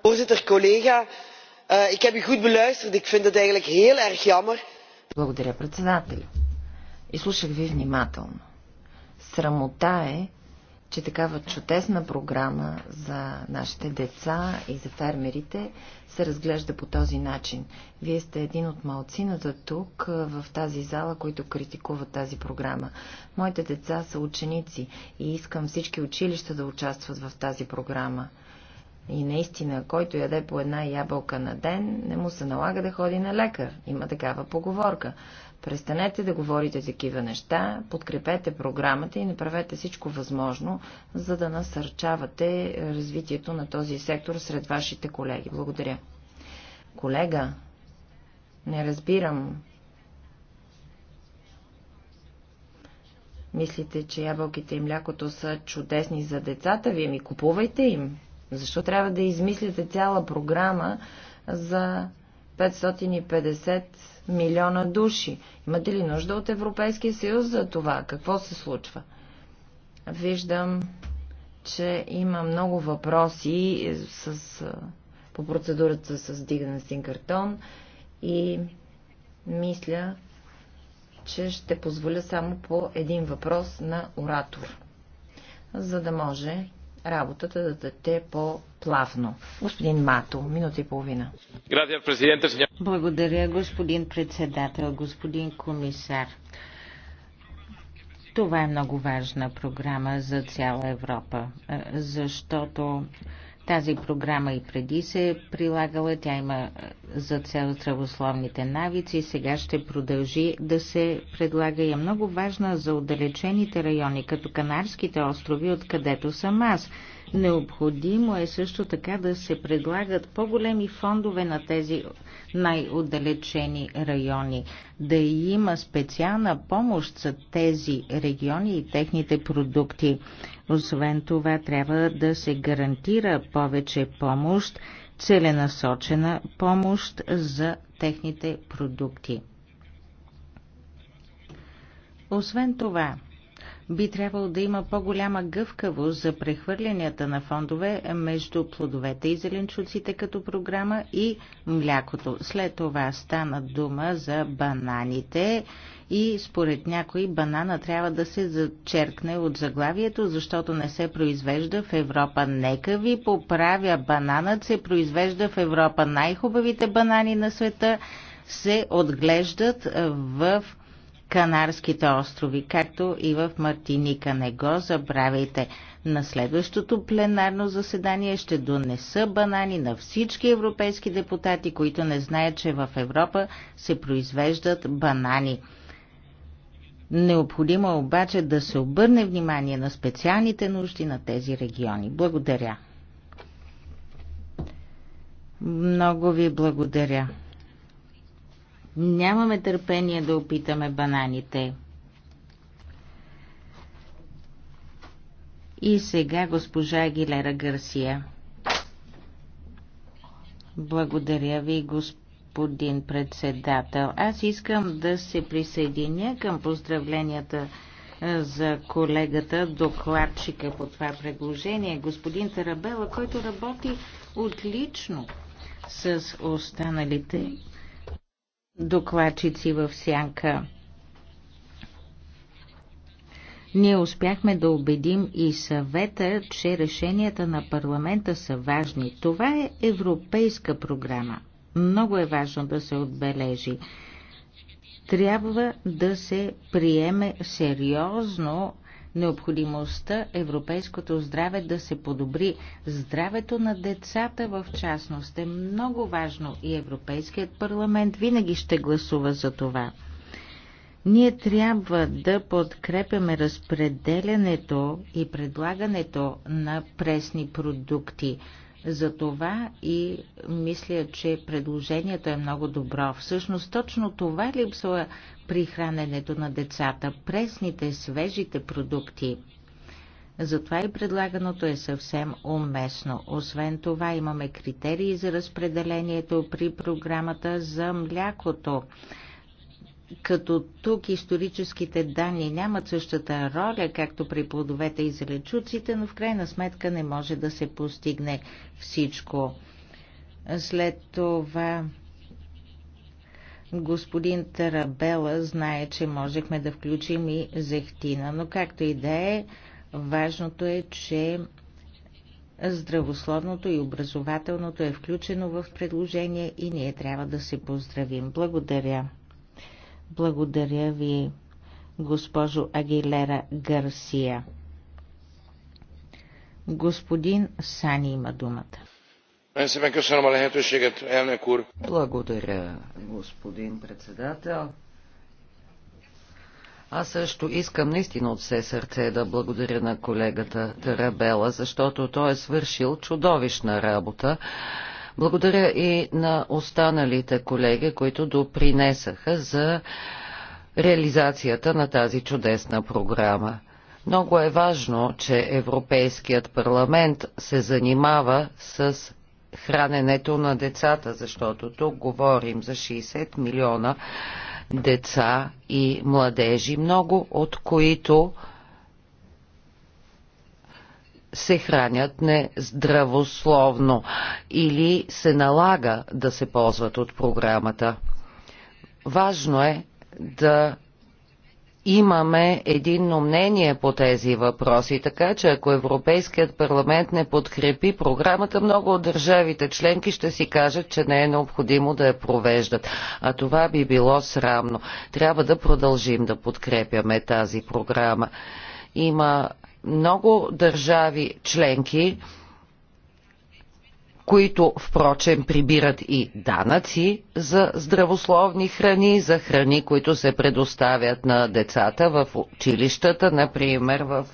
voorzitter collega eh, ik heb u goed beluisterd. ik vind het eigenlijk heel erg jammer. Благодаря, председателю. Изслушах ви внимателно. Срамота е, че такава чудесна програма за нашите деца и за фермерите се разглежда по този начин. Вие сте един от малцината тук в тази зала, които критикуват тази програма. Моите деца са ученици и искам всички училища да участват в тази програма. И наистина, който яде по една ябълка на ден, не му се налага да ходи на лекар. Има такава поговорка. Престанете да говорите такива неща, подкрепете програмата и направете всичко възможно, за да насърчавате развитието на този сектор сред вашите колеги. Благодаря. Колега, не разбирам. Мислите, че ябълките и млякото са чудесни за децата ви? Ами купувайте им. Защо трябва да измислите цяла програма за 550 милиона души. Имате ли нужда от Европейския съюз за това? Какво се случва? Виждам, че има много въпроси с, по процедурата с дигане син картон и мисля, че ще позволя само по един въпрос на оратор, за да може работата да дете по-плавно. Господин Мато, минута и половина. Благодаря, господин председател, господин комисар. Това е много важна програма за цяла Европа, е, защото тази програма и преди се е прилагала, тя има е, за цел здравословните навици, сега ще продължи да се предлага и е много важна за отдалечените райони, като Канарските острови, откъдето съм аз. Необходимо е също така да се предлагат по-големи фондове на тези най-отдалечени райони, да има специална помощ за тези региони и техните продукти. Освен това, трябва да се гарантира повече помощ, целенасочена помощ за техните продукти. Освен това, би трябвало да има по-голяма гъвкавост за прехвърлянията на фондове между плодовете и зеленчуците като програма и млякото. След това стана дума за бананите и според някои банана трябва да се зачеркне от заглавието, защото не се произвежда в Европа. Нека ви поправя, бананът се произвежда в Европа. Най-хубавите банани на света се отглеждат в Канарските острови, както и в Мартиника. Не го забравяйте. На следващото пленарно заседание ще донеса банани на всички европейски депутати, които не знаят, че в Европа се произвеждат банани. Необходимо е обаче да се обърне внимание на специалните нужди на тези региони. Благодаря. Много ви благодаря. Нямаме търпение да опитаме бананите. И сега госпожа Гилера Гарсия. Благодаря ви, господин председател. Аз искам да се присъединя към поздравленията за колегата, докладчика по това предложение, господин Тарабела, който работи отлично с останалите докладчици в сянка. Ние успяхме да убедим и съвета, че решенията на парламента са важни. Това е европейска програма. Много е важно да се отбележи. Трябва да се приеме сериозно необходимостта европейското здраве да се подобри. Здравето на децата в частност е много важно и Европейският парламент винаги ще гласува за това. Ние трябва да подкрепяме разпределянето и предлагането на пресни продукти – затова и мисля, че предложението е много добро. Всъщност точно това липсва при храненето на децата. Пресните, свежите продукти. Затова и предлаганото е съвсем уместно. Освен това имаме критерии за разпределението при програмата за млякото като тук историческите данни нямат същата роля, както при плодовете и зеленчуците, но в крайна сметка не може да се постигне всичко. След това господин Тарабела знае, че можехме да включим и зехтина, но както и да е, важното е, че здравословното и образователното е включено в предложение и ние трябва да се поздравим. Благодаря. Благодаря ви, госпожо Агилера Гарсия. Господин Сани има думата. Благодаря, господин председател. Аз също искам наистина от все сърце да благодаря на колегата Тарабела, защото той е свършил чудовищна работа благодаря и на останалите колеги, които допринесаха за реализацията на тази чудесна програма. Много е важно, че Европейският парламент се занимава с храненето на децата, защото тук говорим за 60 милиона деца и младежи, много от които се хранят нездравословно или се налага да се ползват от програмата. Важно е да имаме единно мнение по тези въпроси, така че ако Европейският парламент не подкрепи програмата, много от държавите членки ще си кажат, че не е необходимо да я провеждат. А това би било срамно. Трябва да продължим да подкрепяме тази програма. Има много държави членки, които впрочем прибират и данъци за здравословни храни, за храни, които се предоставят на децата в училищата, например в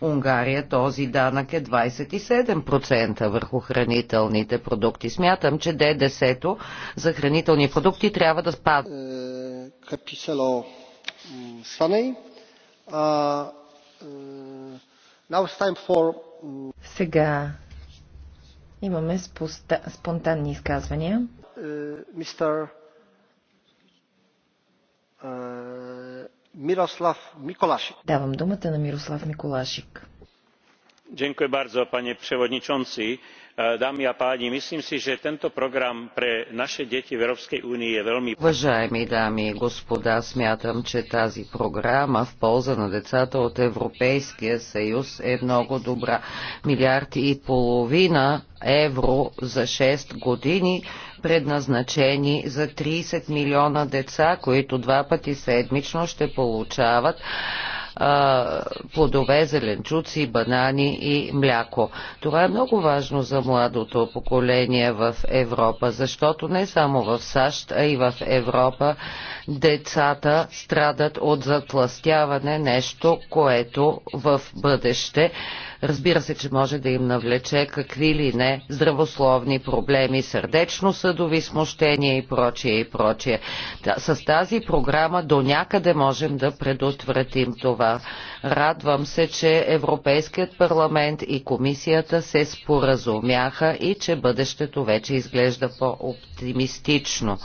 Унгария този данък е 27% върху хранителните продукти. Смятам, че ДДС-то за хранителни продукти трябва да спадне. Е, Каписело сега имаме спонтанни изказвания. Е, мистер. Е, Мирослав Миколашик. Давам думата на Мирослав Миколашик. E, myslím si že tento program pre naše deti v európskej únii je veľmi. уважаеми дами и господа смятам че тази програма в полза на децата от европейския съюз е много добра милиард и половина евро за 6 години предназначени за 30 милиона деца които два пъти седмично ще получават плодове, зеленчуци, банани и мляко. Това е много важно за младото поколение в Европа, защото не само в САЩ, а и в Европа децата страдат от затластяване, нещо, което в бъдеще Разбира се, че може да им навлече какви ли не здравословни проблеми, сърдечно-съдови смущения и прочие и прочие. С тази програма до някъде можем да предотвратим това. Радвам се, че Европейският парламент и комисията се споразумяха и че бъдещето вече изглежда по-оптимистично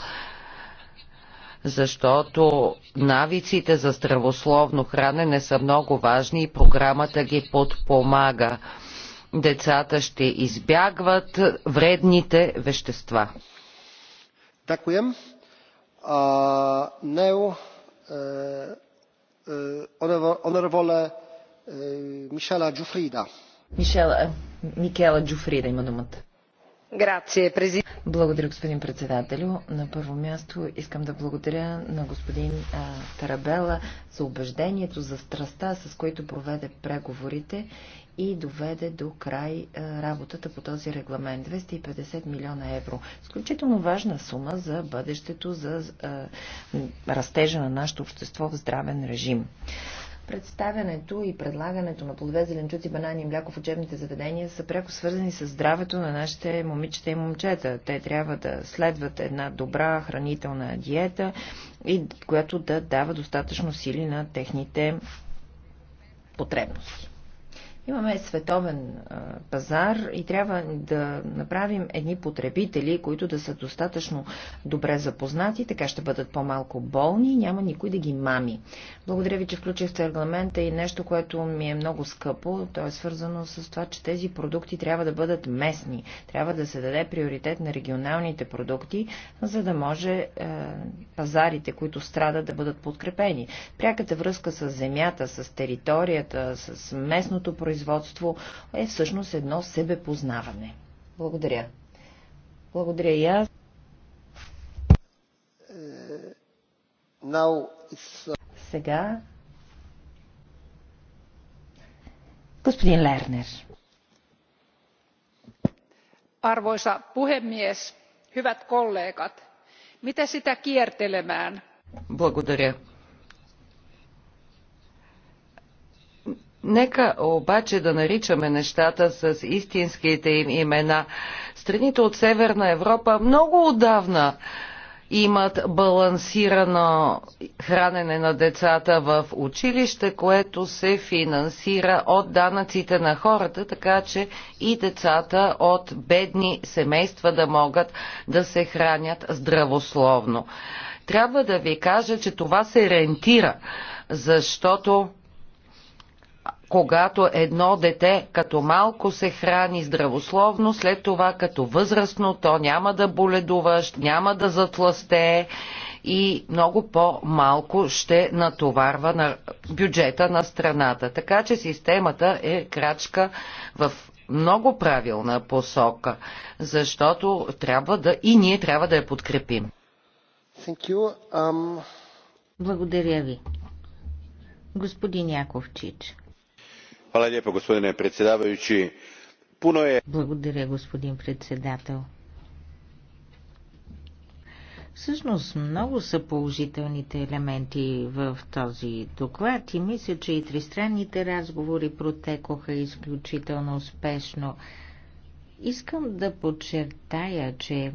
защото навиците за здравословно хранене са много важни и програмата ги подпомага. Децата ще избягват вредните вещества. Дякуем. А, нео, е, е, онерволе е, Мишела Джуфрида. Мишела, Микела Джуфрида има думата. Благодаря, господин председателю. На първо място искам да благодаря на господин а, Тарабела за убеждението, за страста, с които проведе преговорите и доведе до край а, работата по този регламент. 250 милиона евро. Изключително важна сума за бъдещето, за а, растежа на нашето общество в здравен режим. Представянето и предлагането на плодове, зеленчуци, банани и мляко в учебните заведения са пряко свързани с здравето на нашите момичета и момчета. Те трябва да следват една добра хранителна диета, и която да дава достатъчно сили на техните потребности. Имаме световен пазар и трябва да направим едни потребители, които да са достатъчно добре запознати, така ще бъдат по-малко болни и няма никой да ги мами. Благодаря ви, че включихте регламента и нещо, което ми е много скъпо. То е свързано с това, че тези продукти трябва да бъдат местни. Трябва да се даде приоритет на регионалните продукти, за да може е, пазарите, които страдат, да бъдат подкрепени. Пряката връзка с земята, с територията, с местното производство, производство е всъщност едно себепознаване. Благодаря. Благодаря и аз. Сега господин Лернер. Arvoisa puhemies, hyvät kollegat, mitä sitä kiertelemään? Благодаря, Нека обаче да наричаме нещата с истинските им имена. Страните от Северна Европа много отдавна имат балансирано хранене на децата в училище, което се финансира от данъците на хората, така че и децата от бедни семейства да могат да се хранят здравословно. Трябва да ви кажа, че това се рентира, защото когато едно дете като малко се храни здравословно, след това като възрастно то няма да боледува, няма да затластее и много по-малко ще натоварва на бюджета на страната. Така че системата е крачка в много правилна посока, защото трябва да и ние трябва да я подкрепим. Um... Благодаря ви. Господин Яковчич gospodine predsjedavajući puno je. благодаря господин председател. Всъщност много са положителните елементи в този доклад и мисля, че и тристранните разговори протекоха изключително успешно. Искам да подчертая, че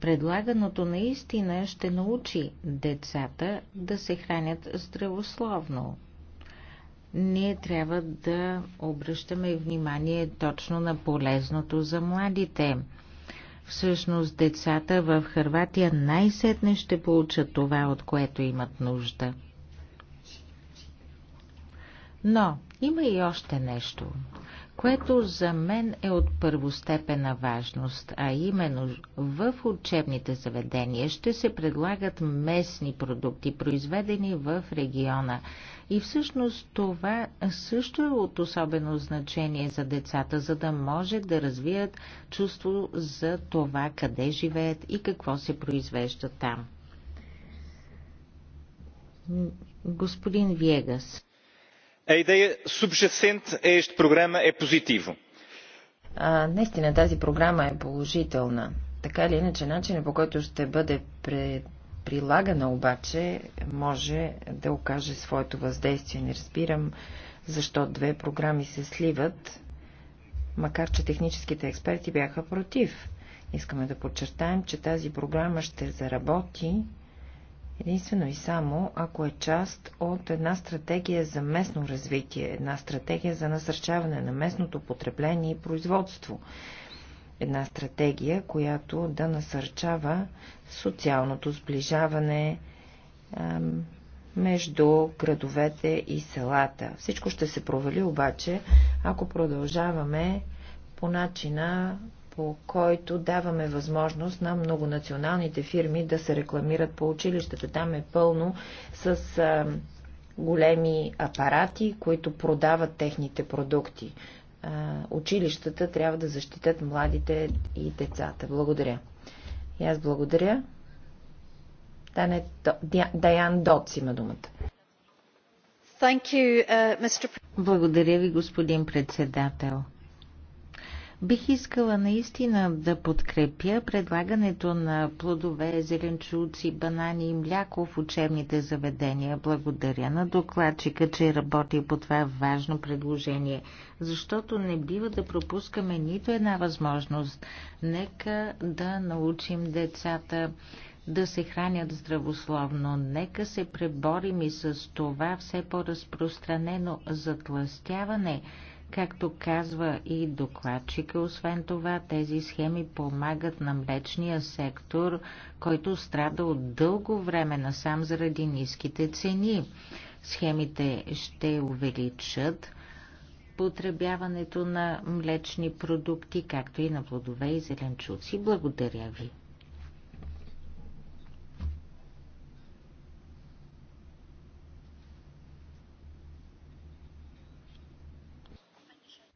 предлаганото наистина ще научи децата да се хранят здравословно ние трябва да обръщаме внимание точно на полезното за младите. Всъщност децата в Харватия най-сетне ще получат това, от което имат нужда. Но има и още нещо което за мен е от първостепена важност, а именно в учебните заведения ще се предлагат местни продукти, произведени в региона. И всъщност това също е от особено значение за децата, за да може да развият чувство за това къде живеят и какво се произвежда там. Господин Вегас. A ideia subjacente a este programa é positiva. А, наистина тази програма е положителна. Така или иначе, начинът по който ще бъде пред прилагана обаче може да окаже своето въздействие. Не разбирам защо две програми се сливат, макар че техническите експерти бяха против. Искаме да подчертаем, че тази програма ще заработи единствено и само, ако е част от една стратегия за местно развитие, една стратегия за насърчаване на местното потребление и производство, една стратегия, която да насърчава социалното сближаване между градовете и селата. Всичко ще се провали обаче, ако продължаваме по начина, по който даваме възможност на многонационалните фирми да се рекламират по училищата. Там е пълно с големи апарати, които продават техните продукти. Училищата трябва да защитят младите и децата. Благодаря. И аз благодаря. Дане, Даян Дотс има думата. You, uh, Благодаря ви, господин председател. Бих искала наистина да подкрепя предлагането на плодове, зеленчуци, банани и мляко в учебните заведения. Благодаря на докладчика, че работи по това важно предложение, защото не бива да пропускаме нито една възможност. Нека да научим децата да се хранят здравословно. Нека се преборим и с това все по-разпространено затластяване – Както казва и докладчика, освен това, тези схеми помагат на млечния сектор, който страда от дълго време насам заради ниските цени. Схемите ще увеличат потребяването на млечни продукти, както и на плодове и зеленчуци. Благодаря ви.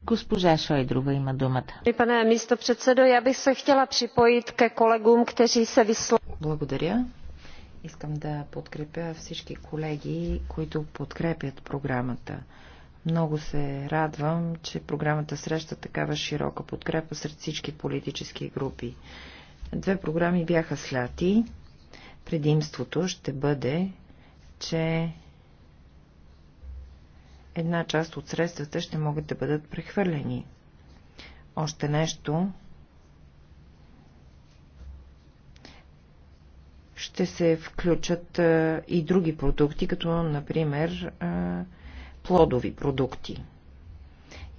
Госпожа Шойдрова има думата. Ами, пане мисто председо, я бих се хотела припоит ке колегум, се висло... Благодаря. Искам да подкрепя всички колеги, които подкрепят програмата. Много се радвам, че програмата среща такава широка подкрепа сред всички политически групи. Две програми бяха сляти. Предимството ще бъде, че една част от средствата ще могат да бъдат прехвърлени. Още нещо. Ще се включат и други продукти, като например плодови продукти.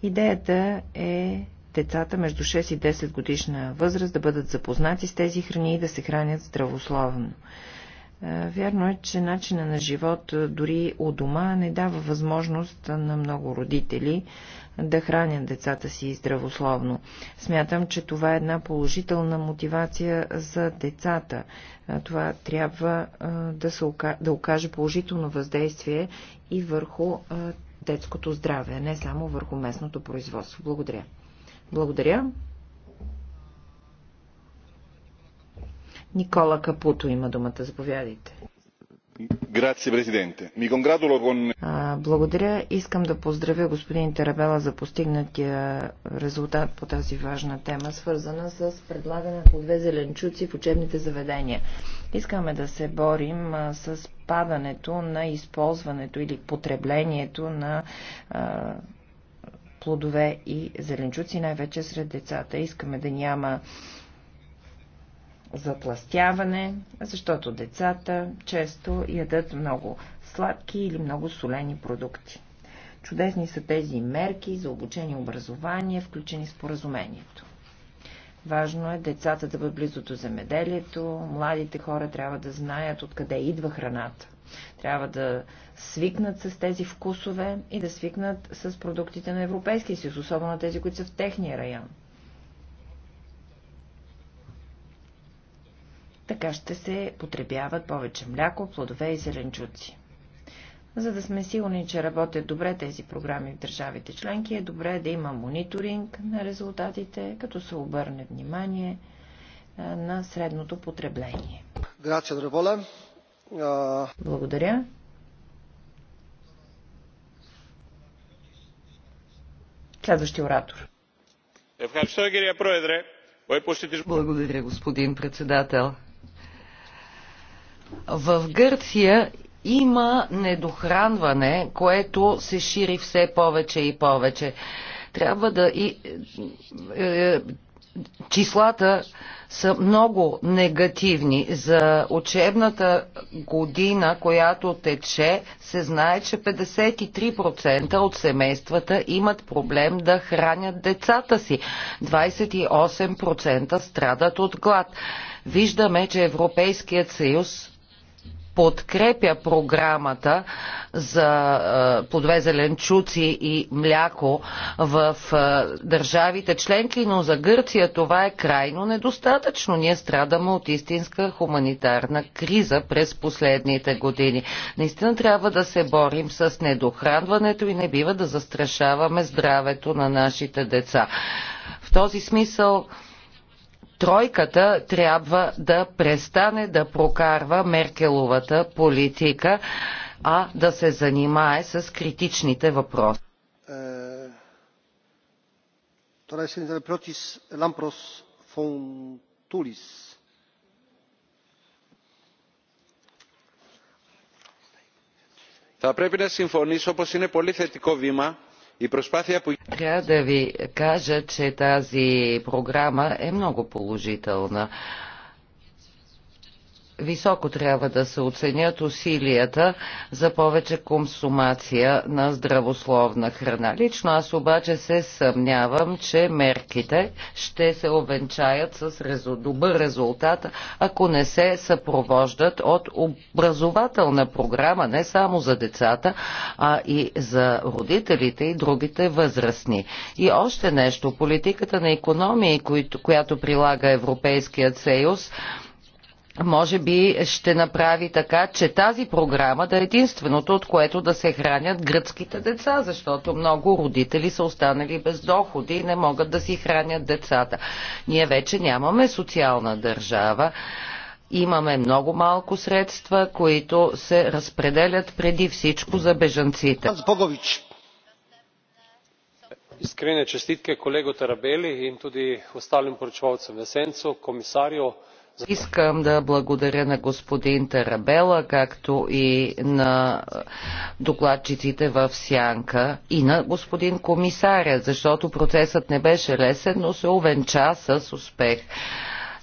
Идеята е децата между 6 и 10 годишна възраст да бъдат запознати с тези храни и да се хранят здравословно. Е, вярно е, че начина на живот е, дори у дома не дава възможност на много родители да хранят децата си здравословно. Смятам, че това е една положителна мотивация за децата. Е, това трябва да, се, да окаже положително въздействие и върху детското здраве, не само върху местното производство. Благодаря. Благодаря. Никола Капуто има думата. Заповядайте. Благодаря. Искам да поздравя господин Тарабела за постигнатия резултат по тази важна тема, свързана с предлагане по две зеленчуци в учебните заведения. Искаме да се борим с падането на използването или потреблението на плодове и зеленчуци, най-вече сред децата. Искаме да няма затластяване, защото децата често ядат много сладки или много солени продукти. Чудесни са тези мерки за обучение и образование, включени с споразумението. Важно е децата да бъдат близо до земеделието, младите хора трябва да знаят откъде идва храната. Трябва да свикнат с тези вкусове и да свикнат с продуктите на Европейския съюз, особено тези, които са в техния район. Така ще се потребяват повече мляко, плодове и зеленчуци. За да сме сигурни, че работят добре тези програми в държавите членки, е добре да има мониторинг на резултатите, като се обърне внимание на средното потребление. Благодаря. Следващия оратор. Благодаря, господин председател. В Гърция има недохранване, което се шири все повече и повече. Трябва да и е, е, числата са много негативни. За учебната година, която тече, се знае, че 53% от семействата имат проблем да хранят децата си. 28% страдат от глад. Виждаме, че Европейският съюз подкрепя програмата за е, плодове, зеленчуци и мляко в е, държавите членки, но за Гърция това е крайно недостатъчно. Ние страдаме от истинска хуманитарна криза през последните години. Наистина трябва да се борим с недохранването и не бива да застрашаваме здравето на нашите деца. В този смисъл тройката трябва да престане да прокарва Меркеловата политика, а да се занимае с критичните въпроси. Е, е Θα πρέπει να συμφωνήσω πως είναι πολύ θετικό βήμα трябва да ви кажа, че тази програма е много положителна високо трябва да се оценят усилията за повече консумация на здравословна храна. Лично аз обаче се съмнявам, че мерките ще се овенчаят с добър резултат, ако не се съпровождат от образователна програма не само за децата, а и за родителите и другите възрастни. И още нещо, политиката на економии, която прилага Европейският съюз, може би ще направи така, че тази програма да е единственото, от което да се хранят гръцките деца, защото много родители са останали без доходи и не могат да си хранят децата. Ние вече нямаме социална държава. Имаме много малко средства, които се разпределят преди всичко за бежанците. Iskrene честитки kolegu Tarabeli и tudi останалим poročevalcem Весенцо, комисарио. Искам да благодаря на господин Тарабела, както и на докладчиците в Сянка и на господин комисаря, защото процесът не беше лесен, но се увенча с успех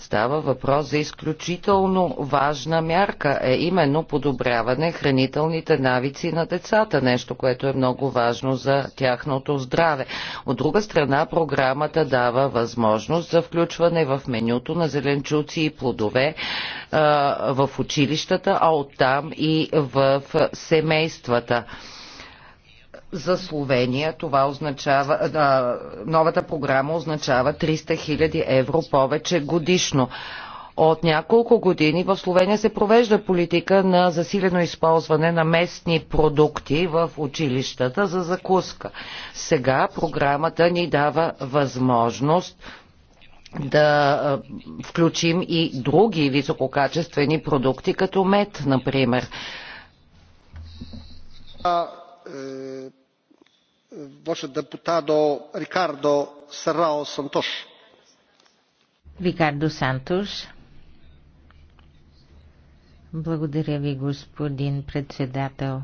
става въпрос за изключително важна мярка, е именно подобряване хранителните навици на децата, нещо, което е много важно за тяхното здраве. От друга страна, програмата дава възможност за включване в менюто на зеленчуци и плодове в училищата, а оттам и в семействата за Словения това означава, а, новата програма означава 300 000 евро повече годишно. От няколко години в Словения се провежда политика на засилено използване на местни продукти в училищата за закуска. Сега програмата ни дава възможност да включим и други висококачествени продукти, като мед, например. Е, е, Рикардо Сантош. Благодаря ви, господин председател.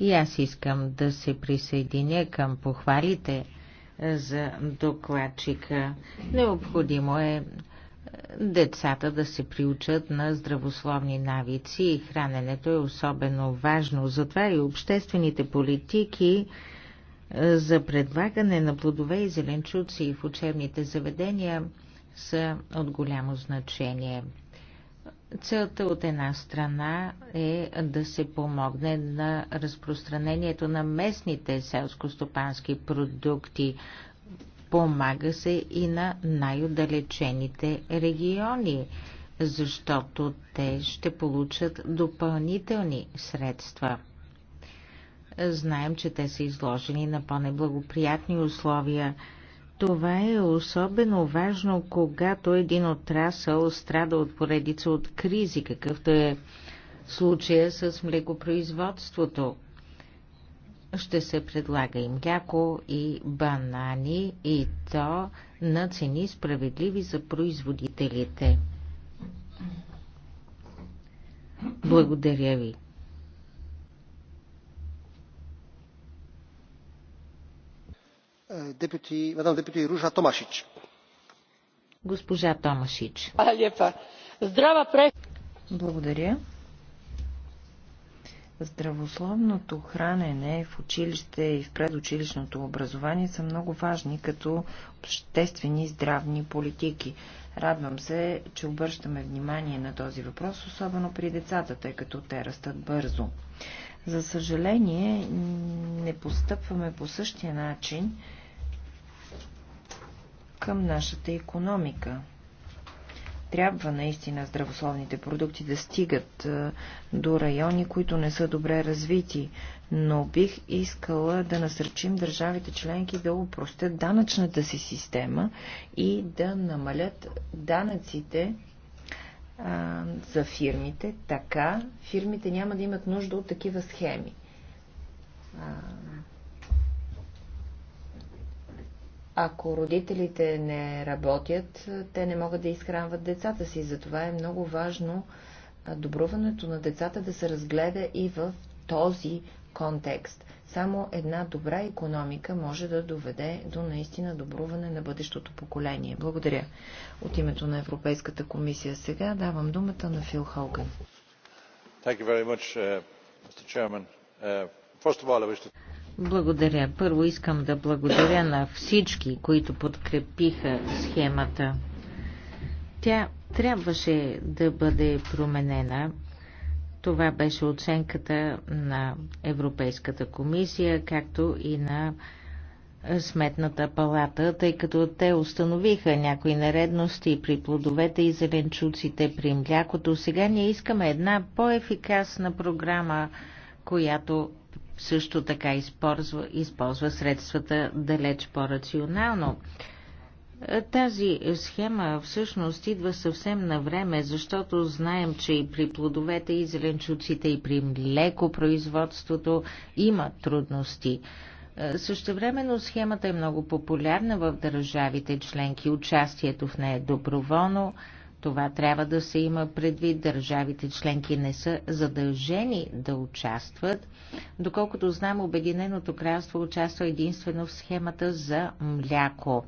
И аз искам да се присъединя към похвалите за докладчика. Необходимо е децата да се приучат на здравословни навици и храненето е особено важно. Затова и обществените политики е, за предлагане на плодове и зеленчуци в учебните заведения са от голямо значение. Целта от една страна е да се помогне на разпространението на местните селско-стопански продукти. Помага се и на най-отдалечените региони, защото те ще получат допълнителни средства. Знаем, че те са изложени на по-неблагоприятни условия. Това е особено важно, когато един отрасъл страда от поредица от кризи, какъвто е случая с млекопроизводството ще се предлага им мляко и банани и то на цени справедливи за производителите. Благодаря ви. Депути, депути Ружа Томашич. Госпожа Томашич. Благодаря. Здравословното хранене в училище и в предучилищното образование са много важни като обществени здравни политики. Радвам се, че обръщаме внимание на този въпрос, особено при децата, тъй като те растат бързо. За съжаление, не постъпваме по същия начин към нашата економика. Трябва наистина здравословните продукти да стигат до райони, които не са добре развити, но бих искала да насърчим държавите членки да упростят данъчната си система и да намалят данъците а, за фирмите, така фирмите няма да имат нужда от такива схеми. А, Ако родителите не работят, те не могат да изхранват децата си. Затова е много важно добруването на децата да се разгледа и в този контекст. Само една добра економика може да доведе до наистина добруване на бъдещото поколение. Благодаря. От името на Европейската комисия сега давам думата на Фил Хоган. Much, uh, uh all, to... Благодаря. Първо искам да благодаря на всички, които подкрепиха схемата. Тя трябваше да бъде променена. Това беше оценката на Европейската комисия, както и на Сметната палата, тъй като те установиха някои нередности при плодовете и зеленчуците, при млякото. Сега ние искаме една по-ефикасна програма, която също така използва, използва средствата далеч по-рационално. Е, тази схема всъщност идва съвсем на време, защото знаем, че и при плодовете, и зеленчуците, и при производството има трудности. Е, същевременно схемата е много популярна в държавите членки. Участието в нея е доброволно. Това трябва да се има предвид. Държавите членки не са задължени да участват. Доколкото знам, Обединеното кралство участва единствено в схемата за мляко.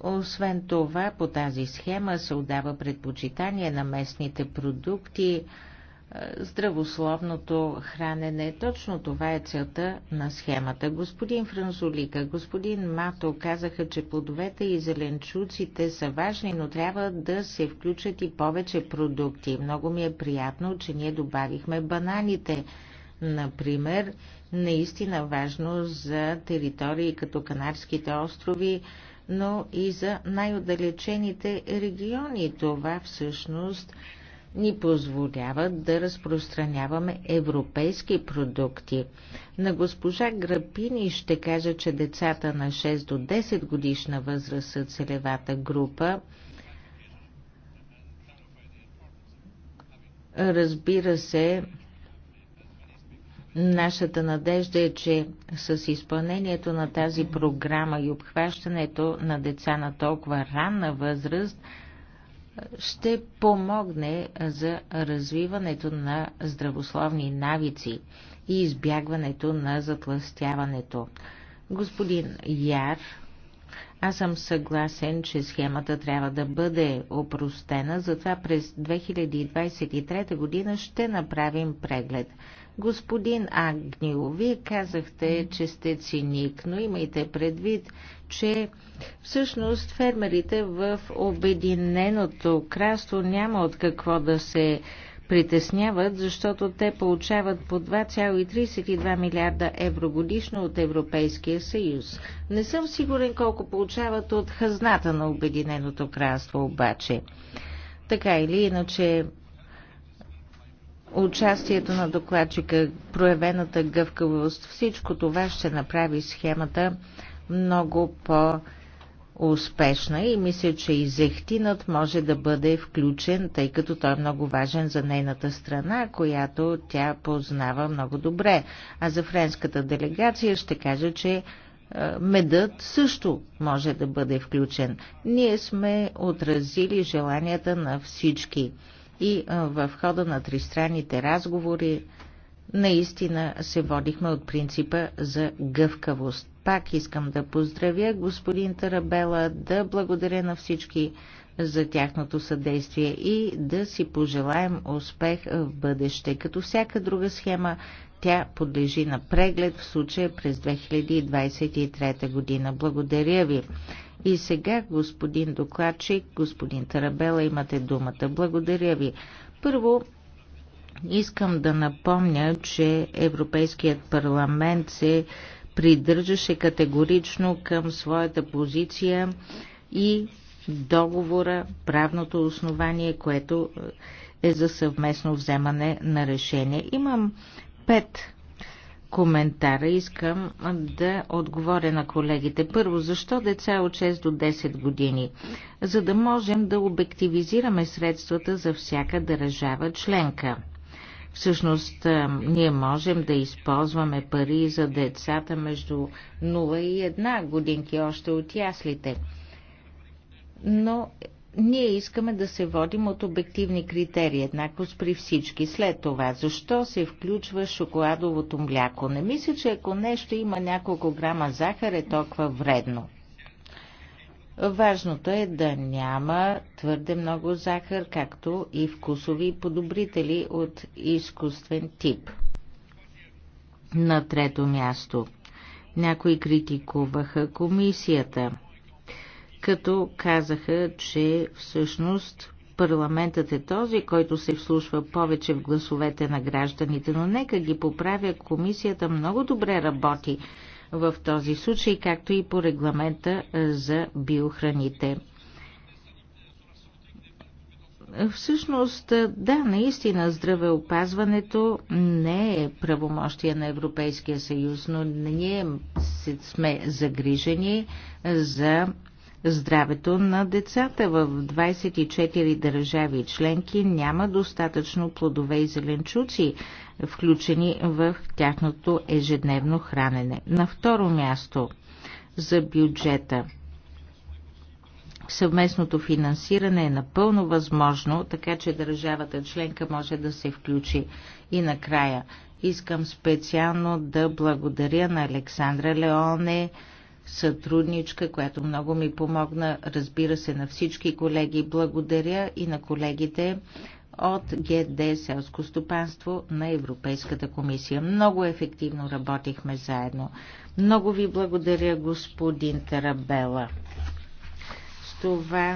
Освен това, по тази схема се отдава предпочитание на местните продукти, здравословното хранене. Точно това е целта на схемата. Господин Франзолика, господин Мато казаха, че плодовете и зеленчуците са важни, но трябва да се включат и повече продукти. Много ми е приятно, че ние добавихме бананите. Например, наистина важно за територии като Канарските острови, но и за най-отдалечените региони. Това всъщност е ни позволяват да разпространяваме европейски продукти. На госпожа Грапини ще кажа, че децата на 6 до 10 годишна възраст са целевата група. Разбира се, Нашата надежда е, че с изпълнението на тази програма и обхващането на деца на толкова ранна възраст ще помогне за развиването на здравословни навици и избягването на затластяването. Господин Яр, аз съм съгласен, че схемата трябва да бъде опростена, затова през 2023 година ще направим преглед. Господин Агнил, вие казахте, че сте циник, но имайте предвид, че всъщност фермерите в Обединеното кралство няма от какво да се притесняват, защото те получават по 2,32 милиарда евро годишно от Европейския съюз. Не съм сигурен колко получават от хазната на Обединеното кралство обаче. Така или иначе, участието на докладчика, проявената гъвкавост, всичко това ще направи схемата много по- успешна и мисля, че и зехтинът може да бъде включен, тъй като той е много важен за нейната страна, която тя познава много добре. А за френската делегация ще кажа, че е, медът също може да бъде включен. Ние сме отразили желанията на всички и е, в хода на тристранните разговори наистина се водихме от принципа за гъвкавост пак искам да поздравя господин Тарабела, да благодаря на всички за тяхното съдействие и да си пожелаем успех в бъдеще. Като всяка друга схема, тя подлежи на преглед в случая през 2023 година. Благодаря ви. И сега, господин докладчик, господин Тарабела, имате думата. Благодаря ви. Първо, искам да напомня, че Европейският парламент се придържаше категорично към своята позиция и договора, правното основание, което е за съвместно вземане на решение. Имам пет коментара. Искам да отговоря на колегите. Първо, защо деца от 6 до 10 години? За да можем да обективизираме средствата за всяка държава членка – Всъщност, ние можем да използваме пари за децата между 0 и 1 годинки още от яслите. Но ние искаме да се водим от обективни критерии, еднакво при всички. След това, защо се включва шоколадовото мляко? Не мисля, че ако нещо има няколко грама захар, е толкова вредно. Важното е да няма твърде много захар, както и вкусови подобрители от изкуствен тип. На трето място някои критикуваха комисията, като казаха, че всъщност парламентът е този, който се вслушва повече в гласовете на гражданите, но нека ги поправя, комисията много добре работи в този случай, както и по регламента за биохраните. Всъщност, да, наистина здравеопазването не е правомощие на Европейския съюз, но ние сме загрижени за здравето на децата. В 24 държави членки няма достатъчно плодове и зеленчуци, включени в тяхното ежедневно хранене. На второ място за бюджета. Съвместното финансиране е напълно възможно, така че държавата членка може да се включи. И накрая искам специално да благодаря на Александра Леоне, сътрудничка, която много ми помогна, разбира се, на всички колеги. Благодаря и на колегите от ГД селско стопанство на Европейската комисия. Много ефективно работихме заедно. Много ви благодаря, господин Тарабела. С това